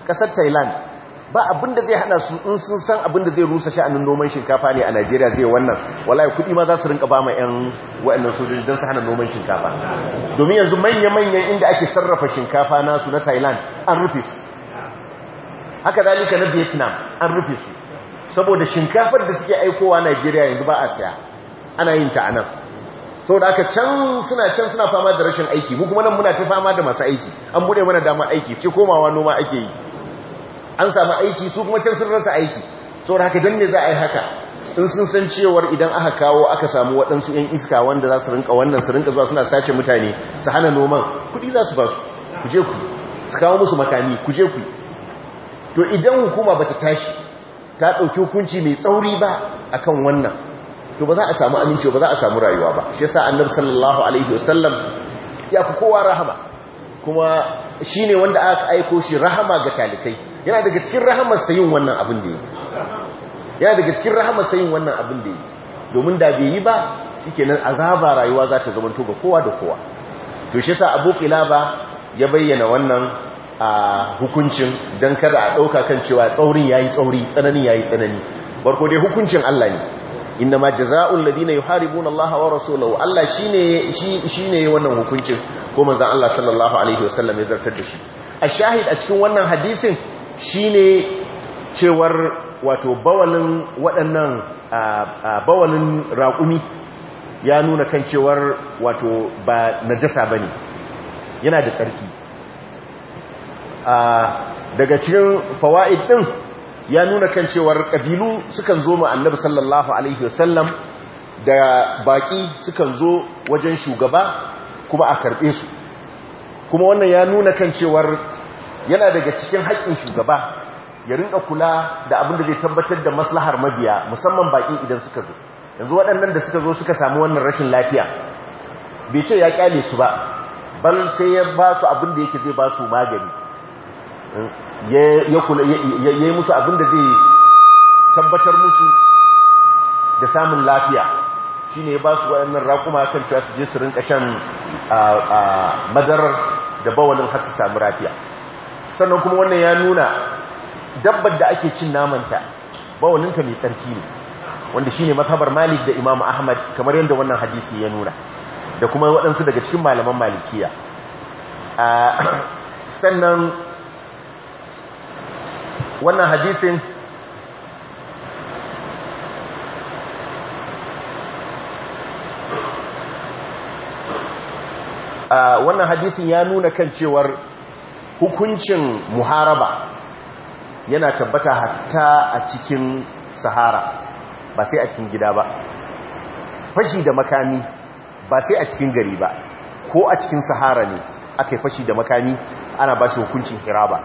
ƙasar thailand ba abin da zai hana su in sun san abin da zai rusa sha'anin noman shinkafa ne a Najeriya zai wannan wallahi kudi ma za su rinka ba ma ƴan waɗannan sojoji don su hana noman shinkafa domin yanzu manya-manyan inda ake sarrafa shinkafa nasu na Thailand an rufe su haka zalika na Vietnam an rufe su saboda shinkafar da suke aikowa Najeriya yanzu ba a saya ana yin ta anan saboda aka can suna can suna fama da rashin aiki mu kuma nan muna ta fama da masu aiki an bude mana dama aiki ce komawa noma ake yi an samu aiki su kuma can sun rasa aiki saboda haka don ne za a yi haka in sun san cewar idan aka kawo aka samu waɗansu 'yan iska wanda za su rinka wannan su rinka zuwa suna sace mutane su hana noman kuɗi za su ba su ku je ku su kawo musu makami ku je ku to idan hukuma bata tashi ta ɗauki hukunci mai tsauri ba akan wannan to ba za a samu amincewa ba za a samu rayuwa ba shi yasa annabi sallallahu alaihi wasallam ya fi kowa rahama kuma shine wanda aka aiko shi rahama ga talikai yana daga cikin rahamar sayin wannan abin da yi yana daga cikin rahamar sayin wannan abin da yi domin da bai yi ba nan azaba rayuwa za ta zamanto ga kowa da kowa to shi yasa Abu ya bayyana wannan hukuncin don kada a ɗauka kan cewa tsaurin yi tsauri tsanani yi tsanani barko dai hukuncin Allah ne innama jazaa'ul ladina yuharibuna Allah wa rasulahu Allah shi ne wannan hukuncin ko manzon Allah sallallahu alaihi wasallam ya zartar da shi a shahid a cikin wannan hadisin Shi ne cewar wato bawalin waɗannan bawalin raƙumi ya nuna kan cewar wato ba najasa bane yana da tsarki daga cikin fawaid ɗin ya nuna kan cewar ƙabilu sukan zo mu annabi sallallahu alaihi wasallam da baƙi sukan zo wajen shugaba kuma a karɓe su kuma wannan ya nuna kan cewar yana daga cikin haƙƙin shugaba ya rinka kula da abin da zai tabbatar da maslahar mabiya musamman baƙi idan suka zo yanzu waɗannan da suka zo suka samu wannan rashin lafiya bai ce ya kyale su ba bal sai ya ba su abin da yake zai ba su magani ya yi musu abin da zai tabbatar musu da samun lafiya shi ne ya ba su waɗannan rakuma kan cewa su je su rinka shan madarar da bawalin har su samu lafiya sannan kuma wannan ya nuna dabbar da ake cin namanta bawalinta mai tsarki ne wanda shi ne mazhabar malik da imamu ahmad kamar yadda wannan hadisi ya nuna da kuma waɗansu daga cikin malaman malikiya sannan wannan hadisin wannan hadisin ya nuna kan cewar hukuncin muharaba yana tabbata hatta a cikin sahara ba sai a cikin gida ba fashi da makami ba sai a cikin gari ba ko a cikin sahara ne aka yi fashi da makami ana ba shi hukuncin hiraba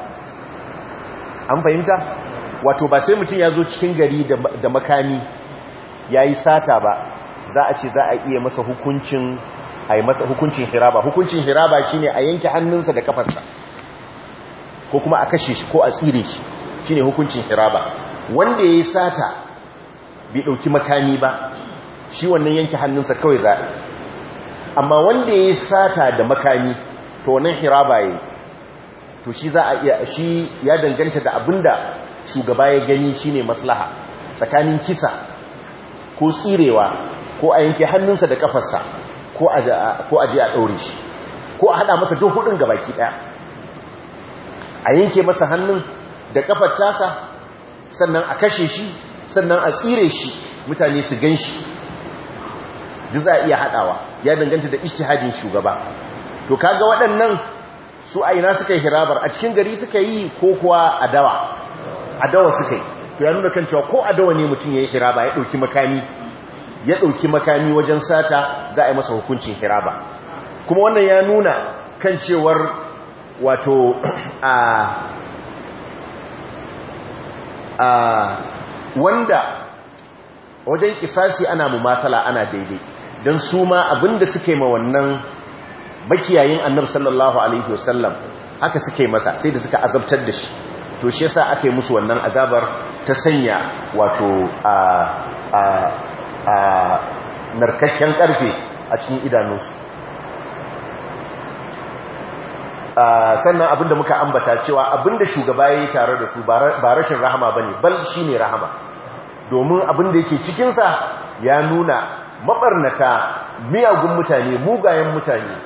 an fahimta wato ba sai mutum ya zo cikin gari da makami ya yi sata ba za a ce za a iya masa hukuncin a masa hukuncin hiraba hukuncin hiraba shine a yanke hannunsa da kafarsa ko kuma a kashe shi ko a tsire shi shine hukuncin hiraba wanda yayi sata bai dauki makami ba shi wannan yanke hannunsa kawai za amma wanda yayi sata da makami to wannan hiraba yayi to shi za a iya shi ya danganta da da shugaba ya gani shine maslaha tsakanin kisa ko tsirewa ko a yanke hannunsa da kafarsa ko a je a daure shi ko a hada masa duk hudun gabaki ɗaya. a yanke masa hannun da kafar tasa sannan a kashe shi sannan a tsire shi mutane su gan shi duk za a iya haɗawa ya danganta da ishtihadin shugaba to kaga waɗannan su a ina suka yi hirabar a cikin gari suka yi ko kuwa a dawa a dawa suka yi to ya nuna kan cewa ko a dawa ne mutum ya yi hiraba ya ɗauki makami ya ɗauki makami wajen sata za a yi masa hukuncin hiraba kuma wannan ya nuna kan cewar wato a a wanda wajen kisasi ana mumatala ana daidai don su ma abinda suke ma wannan makiyayin annabi sallallahu alaihi wasallam haka suke masa sai da suka azabtar da shi to shi yasa ake musu wannan azabar ta sanya wato a a a narkakken karfe a cikin idanunsu Ah, sannan abinda muka ambata cewa abinda shugaba ya yi tare da su ba rashin rahama ba ne bal ne rahama domin abin da yake cikin sa ya nuna mabarnaka miyagun mutane mugayen mutane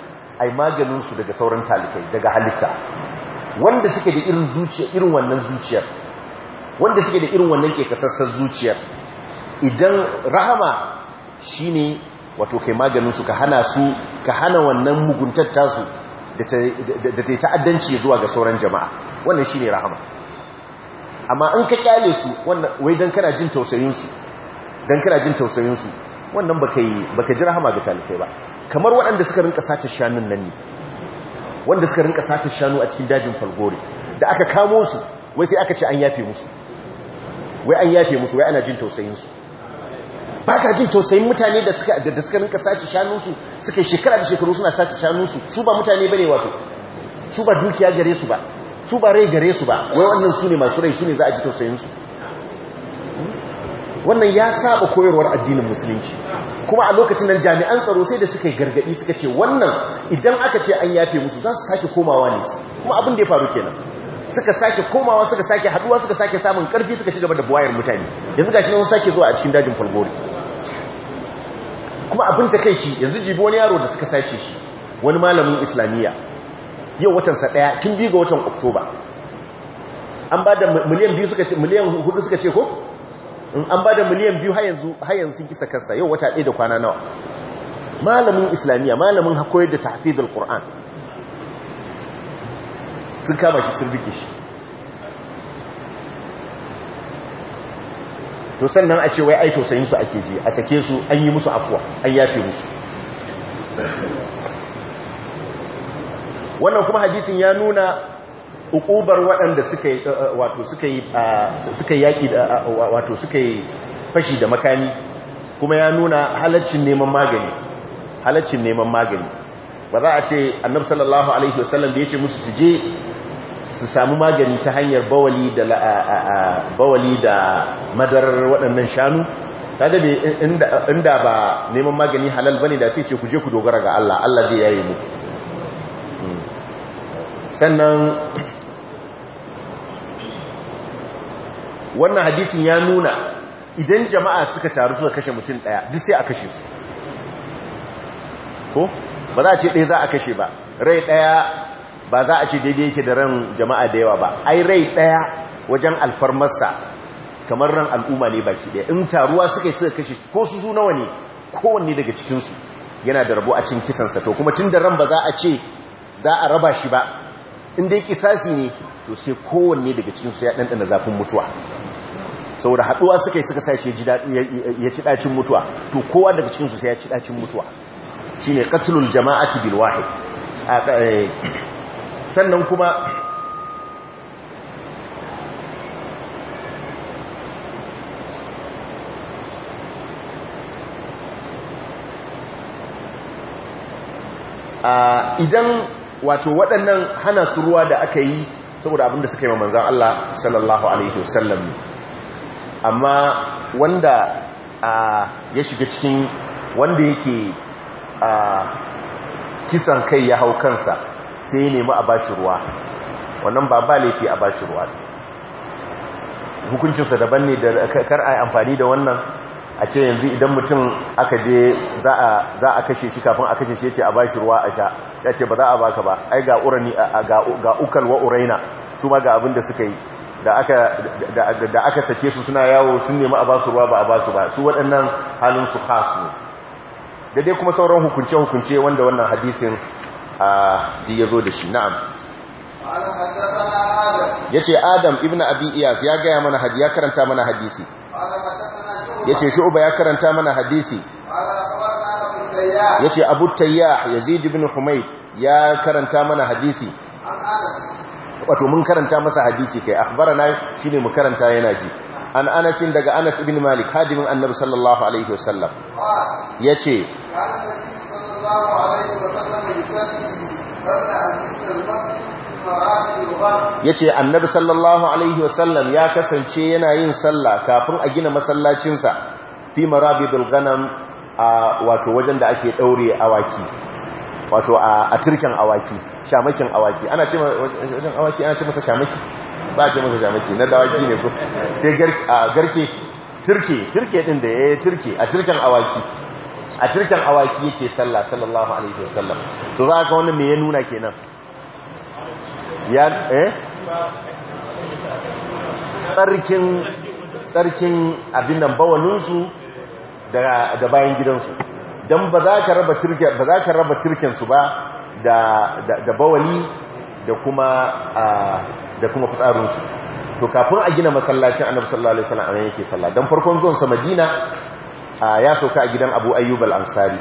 a maganin su daga sauran talikai daga halitta wanda suke da irin zuciyar irin wannan zuciyar wanda suke da irin wannan kekasassar zuciyar idan rahama shi ne wato kai maganin ka hana su ka hana wannan muguntar tasu da ta yi ta'addanci zuwa ga sauran jama'a wannan shi ne rahama amma in ka kyale su wai don kana jin tausayinsu don kana jin tausayinsu wannan baka ji rahama ga talibai ba kamar waɗanda suka rinka sace shanun nan ne wanda suka rinka sace shanu a cikin dajin falgore da aka kamo su wai sai aka ce an yafe musu wai an yafe musu wai ana jin tausayinsu ba ka jin tausayin mutane da suka da suka rinka sace shanunsu suka shekara da shekaru suna sace shanunsu su ba mutane bane wato su ba dukiya gare su ba su ba rai gare su ba wai wannan su ne masu rai su ne za a ji su. wannan ya saba koyarwar addinin musulunci kuma a lokacin nan jami'an tsaro sai da suka gargadi suka ce wannan idan aka ce an yafe musu za su sake komawa ne kuma abin da ya faru kenan suka sake komawa suka sake haduwa suka sake samun karfi suka ci gaba da buwayar mutane yanzu gashi nan sake zuwa a cikin dajin falgori kuma abin takaici, yanzu jibi wani yaro da suka sace shi wani malamin islamiyya yau watansa daya tun biyu ga watan oktoba an ba da miliyan biyu suka ce miliyan hudu suka ce ko an ba da miliyan biyu har yanzu kisa kansa yau wata ɗaya da kwana nawa malamin islamiyya malamin hakoyar da tahfidul qur'an sun kama shi sun rike shi to sannan a ce wai ai tausayin su ake ji a sake su an yi musu afuwa an yafe musu wannan kuma hadisin ya nuna ukubar waɗanda suka eh, eh, wato suka yi ah, suka yaki ah, wato suka yi fashi da makami kuma ya nuna halaccin neman magani halaccin neman magani ba za a ce annabi sallallahu alaihi wasallam da yace musu su je su samu magani ta hanyar bawali da bawali da madarar waɗannan shanu kaga bai inda ba neman magani halal bane da sai ce ku je ku dogara ga Allah Allah zai yaye mu hmm. sannan wannan hadisin ya nuna idan jama'a suka taru suka kashe mutum daya duk sai a kashe su ko ba za a ce ɗaya za a kashe ba rai ɗaya ba za a ce daidai yake da ran jama'a da yawa ba ai rai daya wajen alfarmarsa kamar ran al'umma ne baki daya in taruwa suka yi suka kashe ko su su nawa ne kowanne daga cikinsu yana da rabo a cikin kisansa to kuma tun da ran ba za a ce za a raba shi ba in dai kisasi ne to sai kowanne daga cikinsu ya ɗanɗana zafin mutuwa saboda haɗuwa suka yi suka sa shi ya ci ɗacin mutuwa to kowa daga cikinsu sai ya ci ɗacin mutuwa shine ne jama'ati jama'ati wahid eh, sannan kuma idan wato waɗannan hana su ruwa da aka yi saboda abinda suka yi manzan Allah sallallahu alaihi wasallam amma wanda ya shiga cikin wanda yake kisan kai ya hau kansa sai ya nemi a bashi ruwa wannan ba ba laifi a bashi ruwa hukuncinsa daban ne da kar a yi amfani da wannan a ce yanzu idan mutum aka je za a kashe shi kafin a kashe shi ce a bashi ruwa a sha ya ce ba za a baka ba ai ga urani ga ukal wa uraina su ma ga abin da suka yi da aka sake su suna yawo sun nemi a basu ruwa ba a basu ba su waɗannan halin su khas da dai kuma sauran hukunce-hukunce wanda wannan hadisin a ya zo da shi na'am ya ce adam ibn abi iyas ya gaya mana hadisi ya karanta mana hadisi ya ce shu'uba ya karanta mana hadisi ya ce abu ya zai jibin humaid ya karanta mana hadisi wato mun karanta masa hadisi kai akhbarana shine mu karanta yana ji an anasin daga anas ibn malik hadimin annabi sallallahu alaihi wasallam ce. الله عليه وسلم قبل أن المسجد ya ce annabi sallallahu alaihi wasallam ya kasance yana yin sallah kafin a gina masallacinsa fi marabidul ganam a wato wajen da ake daure awaki wato a turken awaki shamakin awaki ana ce wajen awaki ana ce masa shamaki ba a ce masa shamaki na dawaki ne ko sai garke turke turke din da ya yi turke a turken awaki a turken awaki yake sallah sallallahu alaihi wasallam to za ka wannan me ya nuna kenan ya eh tsarkin abin nan bawaninsu da da bayan gidansu dan ba za ka raba turken ba za ka raba su ba da da bawali da kuma da kuma fitsarinsu to kafin a gina masallacin annabi sallallahu alaihi wasallam yake sallah dan farkon zuwan sa Madina ya sauka a gidan abu ayyub ansari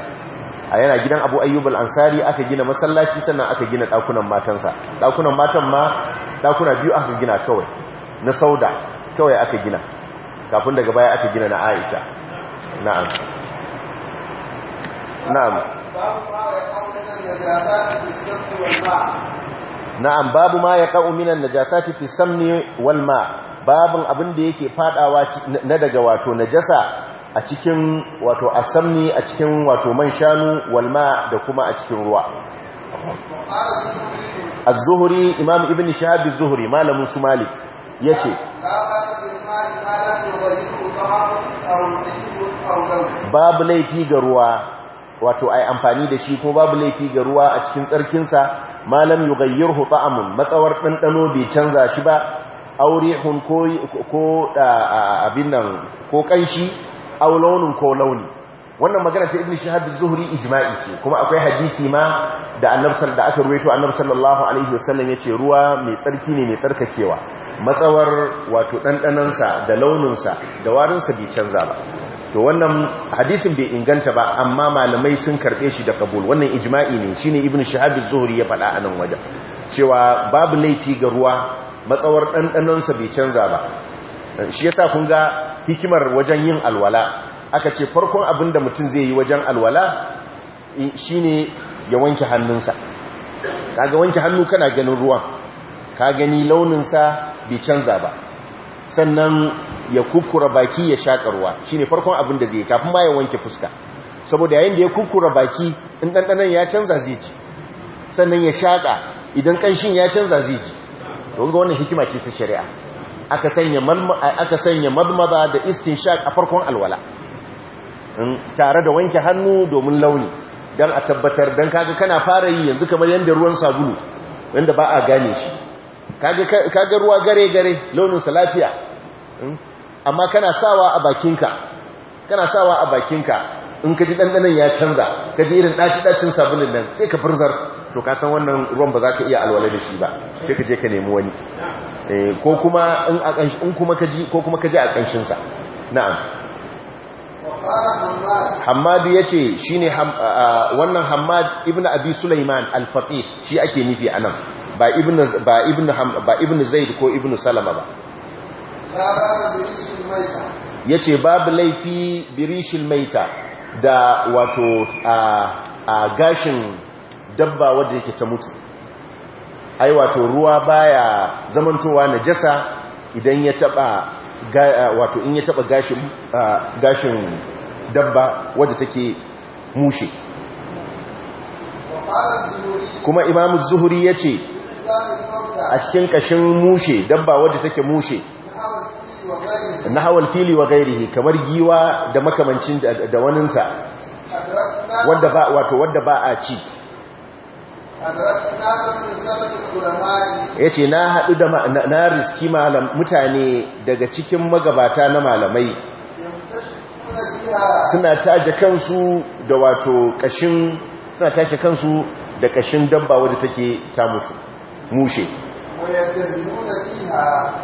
a yana gidan abu ayyub ansari aka gina masallaci sannan aka gina ɗakunan matansa Ɗakunan matan ma ɗakuna biyu aka gina kawai na sauda kawai aka gina kafin daga baya aka gina na aisha na'am na'am na'am babu ma ya ƙa'u minan najasati fi samni wal ma babun abin da yake fadawa na daga wato najasa a cikin wato asamni a cikin wato man shanu walma da kuma a cikin ruwa az-zuhri imam ibn shahab az-zuhri malamin su malik yace babu laifi ga ruwa wato ai amfani da shi ko babu laifi ga ruwa a cikin tsarkin sa malam yughayyirhu ta'amun matsawar dandano bai canza shi ba aurihun ko ko abin nan ko kanshi aw launin ko launi wannan magana ta ibn shahab az-zuhri ijma'i ce kuma akwai hadisi ma da annabi da aka ruwaito annabi sallallahu alaihi wasallam yace ruwa mai tsarki ne mai tsarkakewa matsawar wato dandanan sa da launin sa da warin sa bai canza ba to wannan hadisin bai inganta ba amma malamai sun karbe shi da kabul wannan ijma'i ne shine ibn shahab az-zuhri ya faɗa anan wajen cewa babu laifi ga ruwa matsawar dandanan sa bai canza ba shi yasa kun ga hikimar wajen yin alwala aka ce farkon abin da mutum zai yi wajen alwala shi ne ya wanke hannunsa kaga wanke hannu kana ganin ruwan ka gani launinsa bai canza ba sannan ya kukura baki ya shaƙa ruwa shi ne farkon abin da zai kafin ma ya wanke fuska saboda yayin da ya kukura baki in ɗanɗanan ya canza zai ji sannan ya shaƙa idan ƙanshin ya canza zai ji to ga wannan hikima ce ta shari'a aka sanya aka sanya madmada da istinshak a farkon alwala tare da wanke hannu domin launi dan a tabbatar dan kaga kana fara yi yanzu kamar yanda ruwan sabulu wanda ba a gane shi kaga kaga ruwa gare gare launin sa lafiya amma kana sawa a bakinka kana sawa a bakinka in ka ji dandanan ya canza kaji irin daci dacin sabulun nan sai ka furzar to ka san wannan ruwan ba za ka iya alwala da shi ba sai ka je ka nemi wani Eh, ko kuma in a kanshi in kuma kaji ko kuma kaji a kanshin sa na'am Hammad yace shine wannan Hammad ibn Abi Sulaiman al-Faqih shi ake nufi anan ba ibn ba ibn ba ibn Zaid ko ibn Salama ba yace babu laifi birishil maita da wato a gashin dabba wadda yake ta mutu ai wato ruwa baya zamantowa najasa idan ya taba wato in ya taba gashin gashin dabba wadda take mushe kuma imam az ya ce a cikin kashin mushe dabba wadda take mushe na hawal fili wa gairihi kamar giwa da makamancin da waninta wadda ba wato wadda ba a ci ya ce na haɗu da na riski mutane daga cikin magabata na malamai suna taje kansu da wato ƙashin suna taje kansu da ƙashin dabba wadda take ta musu mushe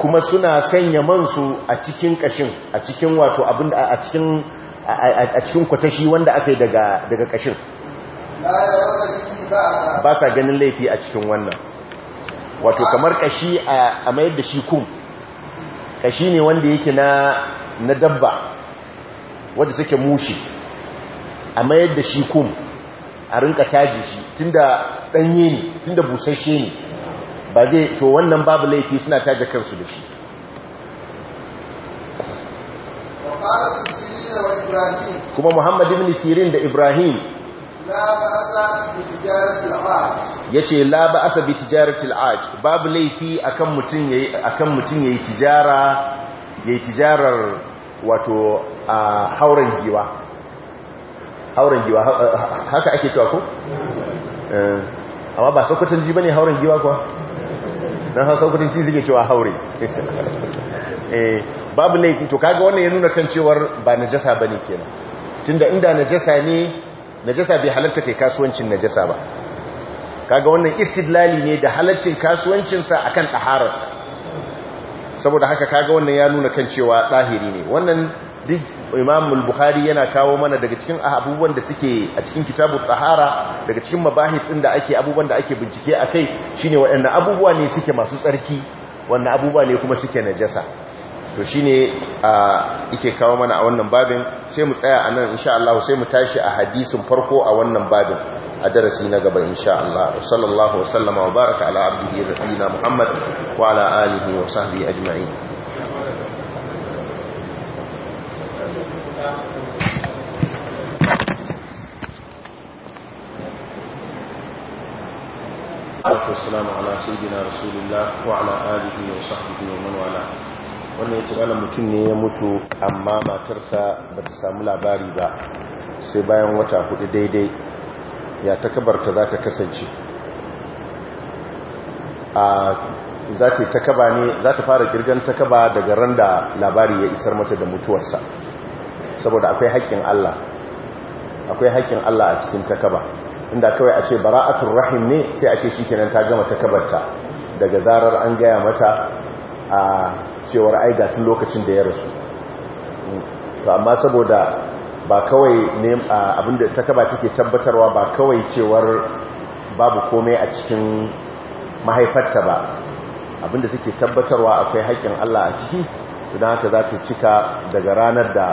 kuma suna sanya mansu a cikin ƙashin a cikin wato abin a cikin kwatashi wanda aka yi daga ƙashin ba sa ganin laifi a cikin wannan wato kamar kashi a mayar da shi kun. kashi ne wanda yake na na dabba wadda take mushi a mayar da shi kun. a rinka taji shi tunda danye ne tunda busasshe ne ba zai to wannan babu laifi suna taje kansu da shi kuma Muhammadu, ibn sirin da ibrahim ya ce la ba asa bi tijaratil aji babu laifi akan mutum ya yi tijara ya yi tijarar wato a hauren giwa hauren giwa haka ake cewa ko eh, amma ba sokotan ji bane hauren giwa kuwa don haka sokotan ji suke cewa haure eh, babu laifi to kaga wannan ya nuna kan cewar ba najasa bane kenan tunda inda najasa ne najasa bai halatta kai kasuwancin najasa ba kaga wannan istidlali ne da halaccin kasuwancinsa akan ɗahararsa saboda haka kaga wannan ya nuna kan cewa ɗahiri ne wannan duk imam bukhari yana kawo mana daga cikin abubuwan da suke a cikin kitabu tsahara daga cikin mabahis ɗin da ake abubuwan da ake bincike akai shine waɗannan abubuwa ne suke masu tsarki wannan abubuwa ne kuma suke najasa to shine a ike kawo mana a wannan babin sai mu tsaya anan insha Allah sai mu tashi a hadisin farko a wannan babin a darasi na gaba insha Allah sallallahu wasallama wa baraka ala abdihi rabbina Muhammad wa ala alihi wa sahbihi ajma'in والسلام على سيدنا رسول الله وعلى آله وصحبه ومن والاه wannan ya ce mutum ne ya mutu amma matarsa ba ta samu labari ba sai bayan wata hudu daidai ya ta za ta kasance a za ta ta ne za ta fara girgan takaba daga ran da labari ya isar mata da mutuwarsa saboda akwai haƙƙin Allah akwai haƙƙin Allah a cikin takaba, kaba inda kawai a ce bara'atul rahim ne sai a ce shi kenan ta gama takabarta. daga zarar an gaya mata a cewar aiga tun lokacin da ya rasu to amma saboda ba kawai ne abinda ta kaba take tabbatarwa ba kawai cewar babu komai a cikin mahaifarta ba abinda take tabbatarwa akwai haƙƙin Allah a ciki idan haka za ta cika daga ranar da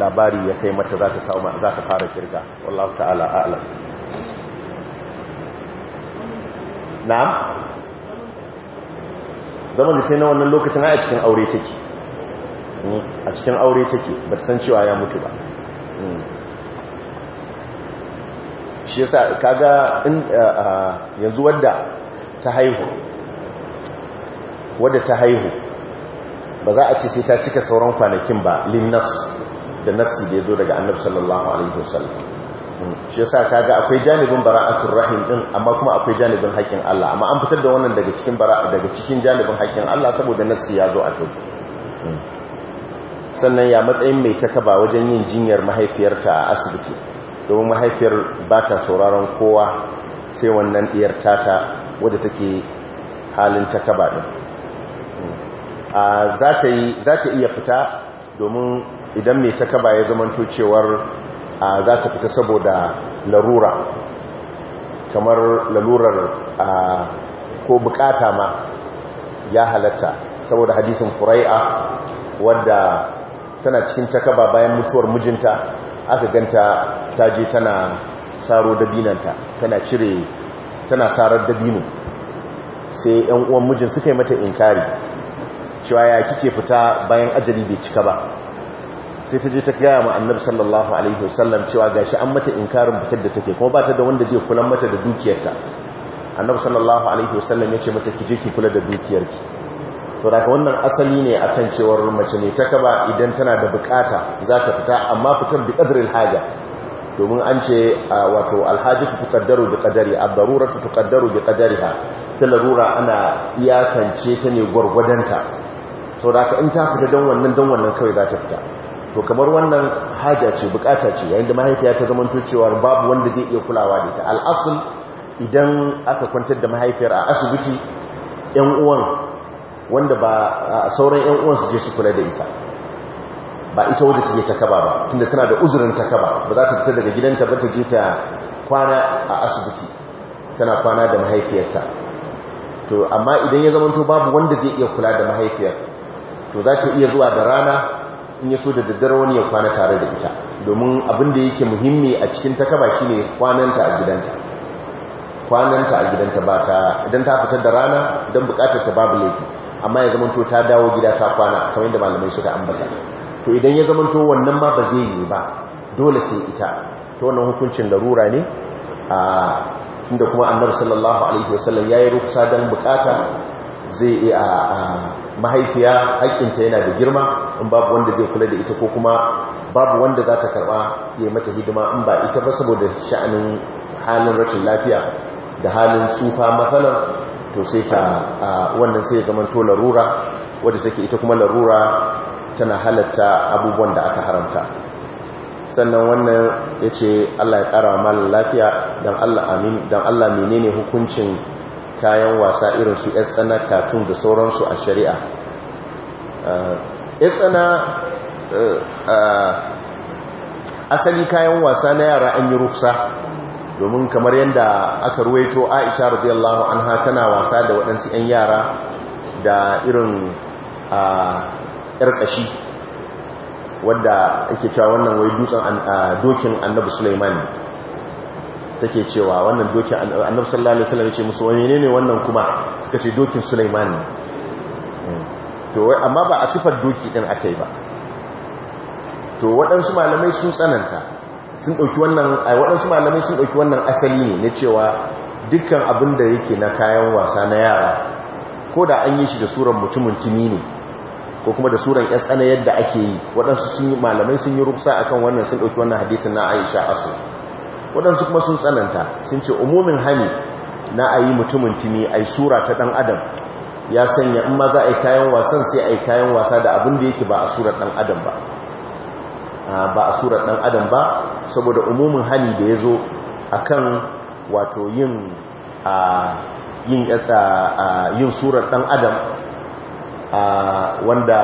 labari ya kai mata za ta samu za ta fara kirga wallahu ta'ala a'lam na'am Zama da ta na wannan lokacin a cikin aure take hmm, a cikin aure take ba ta san cewa ya mutu ba hmm. shi yasa kaga yanzu wadda ta haihu wadda ta haihu ba za a ce sai ta cika sauran kwanakin ba linnas da nassi da ya zo daga annabi sallallahu alaihi wasallam shi yasa kaga akwai janibin bara'atur rahim ɗin amma kuma akwai janibin haƙƙin Allah amma an fitar da wannan daga cikin bara'a daga cikin janibin haƙƙin Allah saboda nassi ya zo a kai hmm. sannan ya matsayin mai takaba wajen yin jinyar mahaifiyarta a asibiti domin mahaifiyar ba ta sauraron kowa sai wannan diyar tata wadda take halin takaba din hmm. a za ta iya fita domin idan mai takaba ya zama cewar za ta fita saboda larura kamar larurar ko bukata ma ya halatta saboda hadisin furai'a wadda tana cikin takaba bayan mutuwar mijinta aka ganta ta je tana saro dabinanta tana cire tana sarar dabino sai yan uwan mijin suka yi mata inkari cewa ya kike fita bayan ajali bai cika ba sai ta je ta gaya ma annabi sallallahu alaihi wasallam cewa gashi an mata inkarin fitar da take kuma ba ta da wanda zai kula mata da dukiyarta annabi sallallahu alaihi wasallam ya ce mata ki je ki kula da dukiyarki to daga wannan asali ne akan cewar mace ne ta kaba idan tana da bukata za ta fita amma fitar bi qadril haja domin an ce wato alhajatu tuqaddaru bi qadari ad-daruratu tuqaddaru bi ha ta larura ana iyakance ta ne gwargwadanta to daga in ta fita don wannan don wannan kawai za ta fita to kamar wannan haja ce bukata ce yayin da mahaifiya ta zama cewa babu wanda zai iya kulawa da ita al'asul idan aka kwantar da mahaifiyar a asibiti yan uwan wanda ba sauran yan uwan su je su kula da ita ba ita wadda take ta kaba ba tunda tana da uzurin ta kaba ba za ta fita daga gidanta ba ta je ta kwana a asibiti tana kwana da mahaifiyarta to amma idan ya zamanto babu wanda zai iya kula da mahaifiyar to za ta iya zuwa da rana in ya so da daddare wani ya kwana tare da ita domin abin da yake muhimmi a cikin takaba shi ne kwananta a gidanta kwananta a gidanta ba ta idan ta fitar da rana don bukatar ta babu laifi amma ya zamanto ta dawo gida ta kwana kamar yadda malamai suka ambata to idan ya zamanto wannan ma ba zai yi ba dole sai ita to wannan hukuncin larura ne a tunda kuma annabi sallallahu alaihi wasallam yayi ruksa dan bukata zai a mahaifiya hakkinta yana da girma in babu wanda zai kula da ita ko kuma babu wanda za ta karba ya mata hidima in ba ita ba saboda sha'anin halin rashin lafiya da halin sufa matsalar to sai ta wannan sai zaman to larura wadda take ita kuma larura tana halatta abubuwan da aka haramta sannan wannan ya ce Allah ya ƙara mal lafiya don Allah amin don Allah menene hukuncin kayan wasa irin su 'yan sanar katun da sauransu a shari'a ya tsana eh, asali kayan wasa na yara an yi rufsa domin kamar yadda aka ruwaito aisha radiyallahu ha tana wasa da waɗansu 'yan yara da irin a ƙashi wadda ake cewa wannan wai dutsen dokin annabi suleiman take cewa wannan dokin annabu sallallahu alaihi wasallam ya ce musu wani ne wannan kuma suka ce dokin suleiman to amma ba a sifar doki din akai ba to waɗansu malamai sun tsananta sun ɗauki wannan ai waɗansu malamai sun ɗauki wannan asali ne na cewa dukkan abin da yake na kayan wasa na yara ko da an yi shi da surar mutumin tuni ne ko kuma da surar yan tsana yadda ake yi waɗansu sun yi malamai sun yi rufsa akan wannan sun ɗauki wannan hadisin na aisha asu waɗansu kuma sun tsananta sun ce umumin hani na ayi mutumin tuni ai sura ta ɗan adam ya sanya in ma za a yi kayan wasan sai a yi kayan wasa da abin da yake ba a surar ɗan adam ba ba a surar ɗan adam ba saboda umumin hali da ya zo a kan wato yin yin surar ɗan adam wanda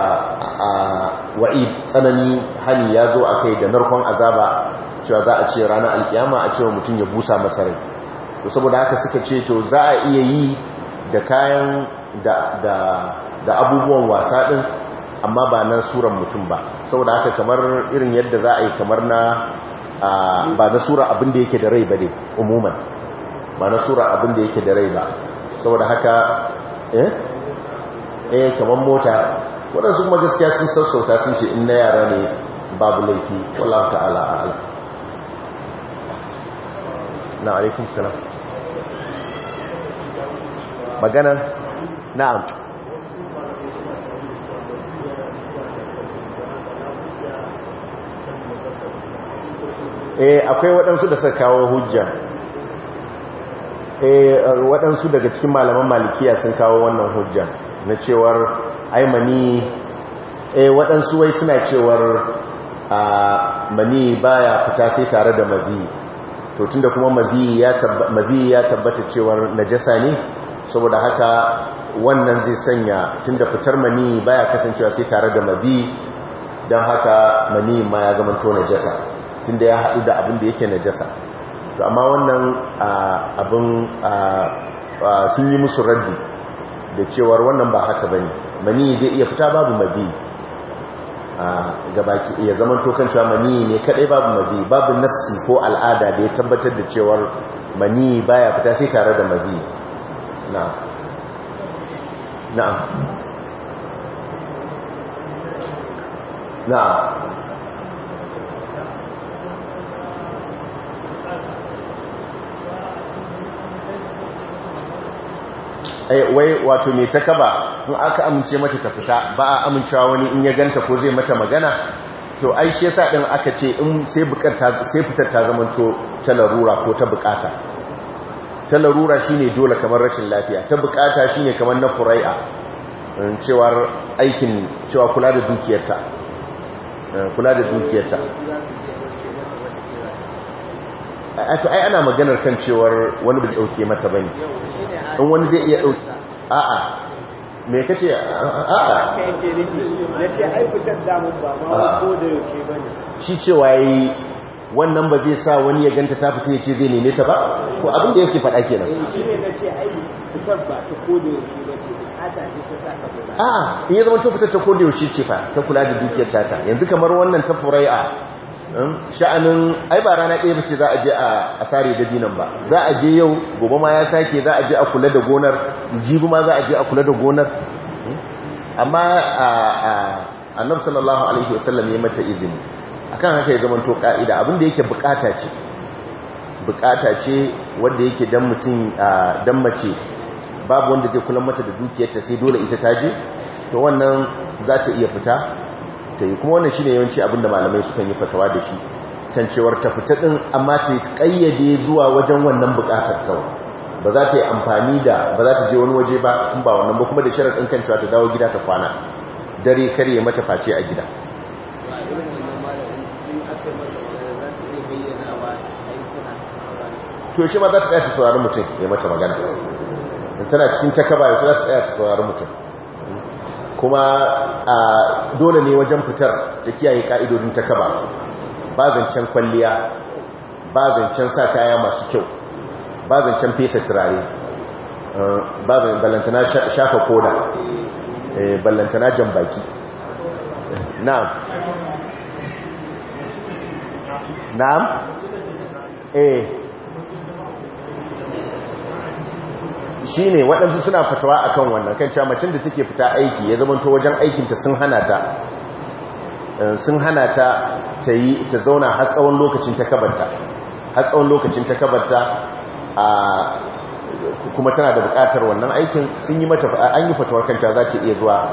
wa'i tsanani hali ya zo a kai da narkon azaba cewa za a ce ranar alkiyama a cewa mutum ya busa masarai to saboda haka suka ce to za a iya yi da kayan da abubuwan wasa ɗin amma ba nan suran mutum ba saboda haka kamar irin yadda za a yi kamar na ba na sura abin da yake da rai ba ne umuman ba na sura abin da yake da rai ba saboda haka eh eh kamar mota waɗansu kuma gaskiya sun sassauta sun ce in na yara ne babu laifi wallah ta'ala ala' na alaikum salam maganar na'am eh akwai waɗansu da suka kawo hujja eh waɗansu daga cikin malaman malikiya sun kawo wannan hujja na cewar mani eh waɗansu wai suna cewar a mani baya fita sai tare da mazi to tunda kuma mazi ya tabbata cewar najasa ne saboda haka wannan zai sanya tun da fitar mani baya kasancewa sai tare da mabi don haka mani ma ya zama jasa tun da ya haɗu da abin da yake jasa to amma wannan abin sun yi musu raddi da cewar wannan ba haka bane mani zai iya fita babu mabi gabaki iya zaman tokan cewa mani ne kadai babu mabi babu nassi ko al'ada da ya tabbatar da cewar mani baya fita sai tare da mabi na na'am na'am wai wato me ta kaba in aka amince mata ta fita ba a amincewa wani in ya ganta ko zai mata magana to ai shi yasa din aka ce in sai sai fitar ta zamanto ta larura ko ta bukata ta larura ne dole kamar rashin lafiya ta bukata ne kamar na furai'a eh, cewar aikin cewa kula da dukiyarta eh, kula da dukiyarta ai ana maganar kan cewar wani bai dauke mata bane in wani zai iya dauke a'a me ka ce a'a shi cewa yi wannan ba zai sa wani ya ganta ta fita ya ce zai neme ta ba ko abin da yake faɗa kenan a'a in ya zama ta fitar ta koda yaushe ce fa ta kula da dukiyar tata yanzu kamar wannan ta a hmm, sha'anin ai ba rana ɗaya ba ce za a je a sare dinan ba za a je yau gobe ma ya sake za a je a kula da gonar jibi ma za a je a kula da gonar hmm, amma a annabi sallallahu alaihi wasallam ya mata izini akan haka ya zamanto ka'ida abinda yake bukata ce bukata ce wanda yake dan mutum dan mace babu wanda zai kula mata da dukiyarta sai dole ita ta je to wannan za ta iya fita ta yi kuma wannan shine yawanci abinda malamai sukan yi fatawa da shi kan cewar ta fita din amma ta yi kayyade zuwa wajen wannan bukatar kawai ba za ta yi amfani da ba za ta je wani waje ba in ba wannan ba kuma da ɗin kan cewa ta dawo gida ta kwana dare kare mata face a gida to shi ma za ta tsaya ta saurari mutum ya mata magana tana cikin takaba yaushe za ta tsaya ta saurari mutum kuma a dole ne wajen fitar da kiyaye ka'idodin takaba ba zancen kwalliya ba zancen sa kaya masu kyau ba zancen fesa turare eh, ba zancen ballantana shafa koda eh, ballantana jan baki na'am na'am eh shi ne waɗansu suna fatawa a kan wannan kan cewa macin da take fita aiki ya zamanto wajen aikinta sun hana ta eh, sun hana ta ta yi ta zauna har tsawon lokacin ta kabarta har tsawon lokacin ta kabarta a kuma tana da buƙatar wannan aikin sun yi mata an yi fatawar kan cewa za ta iya zuwa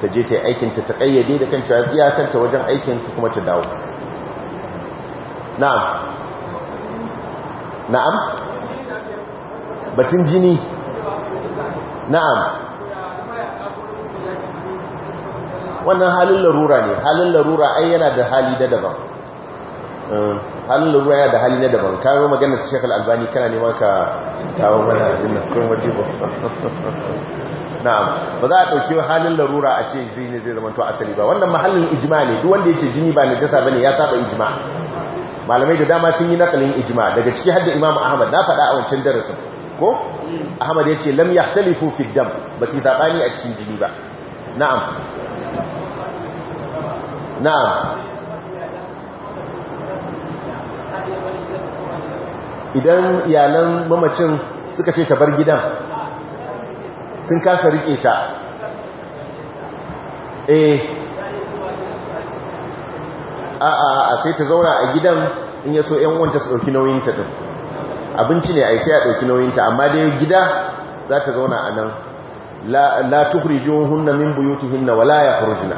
ta je ta yi aikinta ta ƙayyade da kan cewa iyakanta wajen aikin kuma ta dawo na'am na'am batun jini na'am wannan halin larura ne halin larura ai yana da hali da daban eh, halin larura yana da hali na daban kawo magana su shekul albani kana ne maka kawo mana abin kun waje ba na'am ba za a ɗauki halin larura a ce zai ne zai zamanto asali ba wannan mahallin ijima ne duk wanda ce jini ba najasa bane ya saba ijima. malamai da dama sun yi nakalin ijima daga ciki hadda imam ahmad na faɗa a wancan darasin ko ahmad ya ce lam yahtalifu fi dam ba ci sabani a cikin jini ba na'am na'am idan iyalan mamacin suka ce ta bar gidan sun kasa rike ta eh a a sai ta zauna a gidan in yaso yan uwanta su ɗauki nauyin ta din abinci ne a sai a ɗauki nauyinta amma dai gida za ta zauna a nan la hunna min hinna, wala jina?"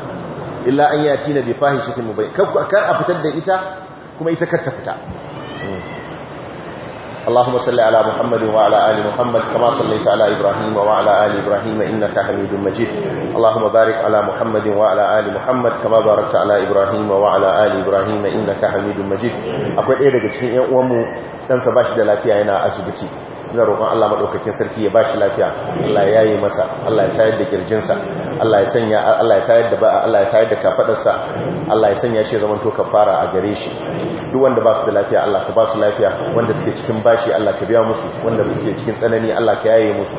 illa an yatina bi mu mubai kar a fitar da ita kuma ita kar ta fita hmm. اللهم صل على محمد وعلى آل محمد كما صليت على إبراهيم وعلى آل إبراهيم إنك حميد مجيد اللهم بارك على محمد وعلى آل محمد كما باركت على إبراهيم وعلى آل إبراهيم إنك حميد مجيد أقول إيه لك تشكي أمو تنسى باش دلاتي عنا أسبتي ina roƙon Allah maɗaukakin sarki ya bashi lafiya Allah ya yi masa Allah ya tayar da kirjinsa Allah ya sanya Allah ya tayar da ba Allah ya tayar da kafadarsa Allah ya sanya shi zaman to kafara a gare shi duk wanda ba su da lafiya Allah ka ba su lafiya wanda suke cikin bashi Allah ka biya musu wanda suke cikin tsanani Allah ka yaye musu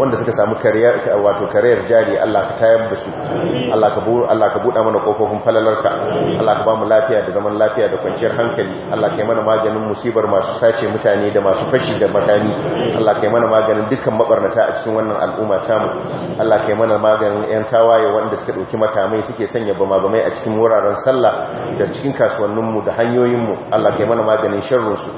wanda suka samu kariya wato kariyar jari Allah ka tayar da su Allah ka buɗe Allah ka buɗa mana kofofin falalarka Allah ka ba mu lafiya da zaman lafiya da kwanciyar hankali Allah ka yi mana maganin musibar masu sace mutane da masu fashi da makami Allah kai mana maganin dukkan mabarnata a cikin wannan al'umma ta mu. Allah kai mana maganin yan tawaye wanda suka dauki makamai suke sanya bama bamai a cikin wuraren sallah da cikin kasuwannin mu da hanyoyin mu Allah kai mana maganin sharrin su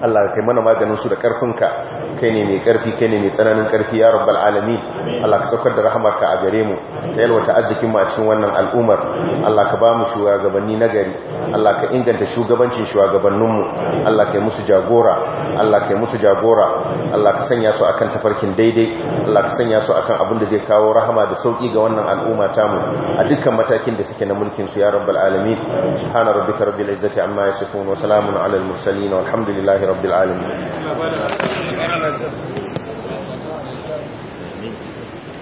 Allah kai mana maganin su da karfinka kai ne mai karfi kai ne mai tsananin karfi ya rabbal alamin Allah ka saukar da rahamarka a gare mu ta yalwata arzikin mu a cikin wannan al'umar Allah ka ba mu shugabanni na gari Allah ka inganta shugabancin shugabannin mu Allah ka yi musu jagora Allah ka yi musu jagora Allah ka sanya su akan tafarkin daidai Allah ka sanya su akan abin da zai kawo rahama da sauki ga wannan al'umma ta mu a dukkan matakin da suke na mulkin su ya rabbal alamin subhana rabbika rabbil izzati amma yasifun wa salamun alal mursalin walhamdulillahi rabbil alamin کرتا ہوں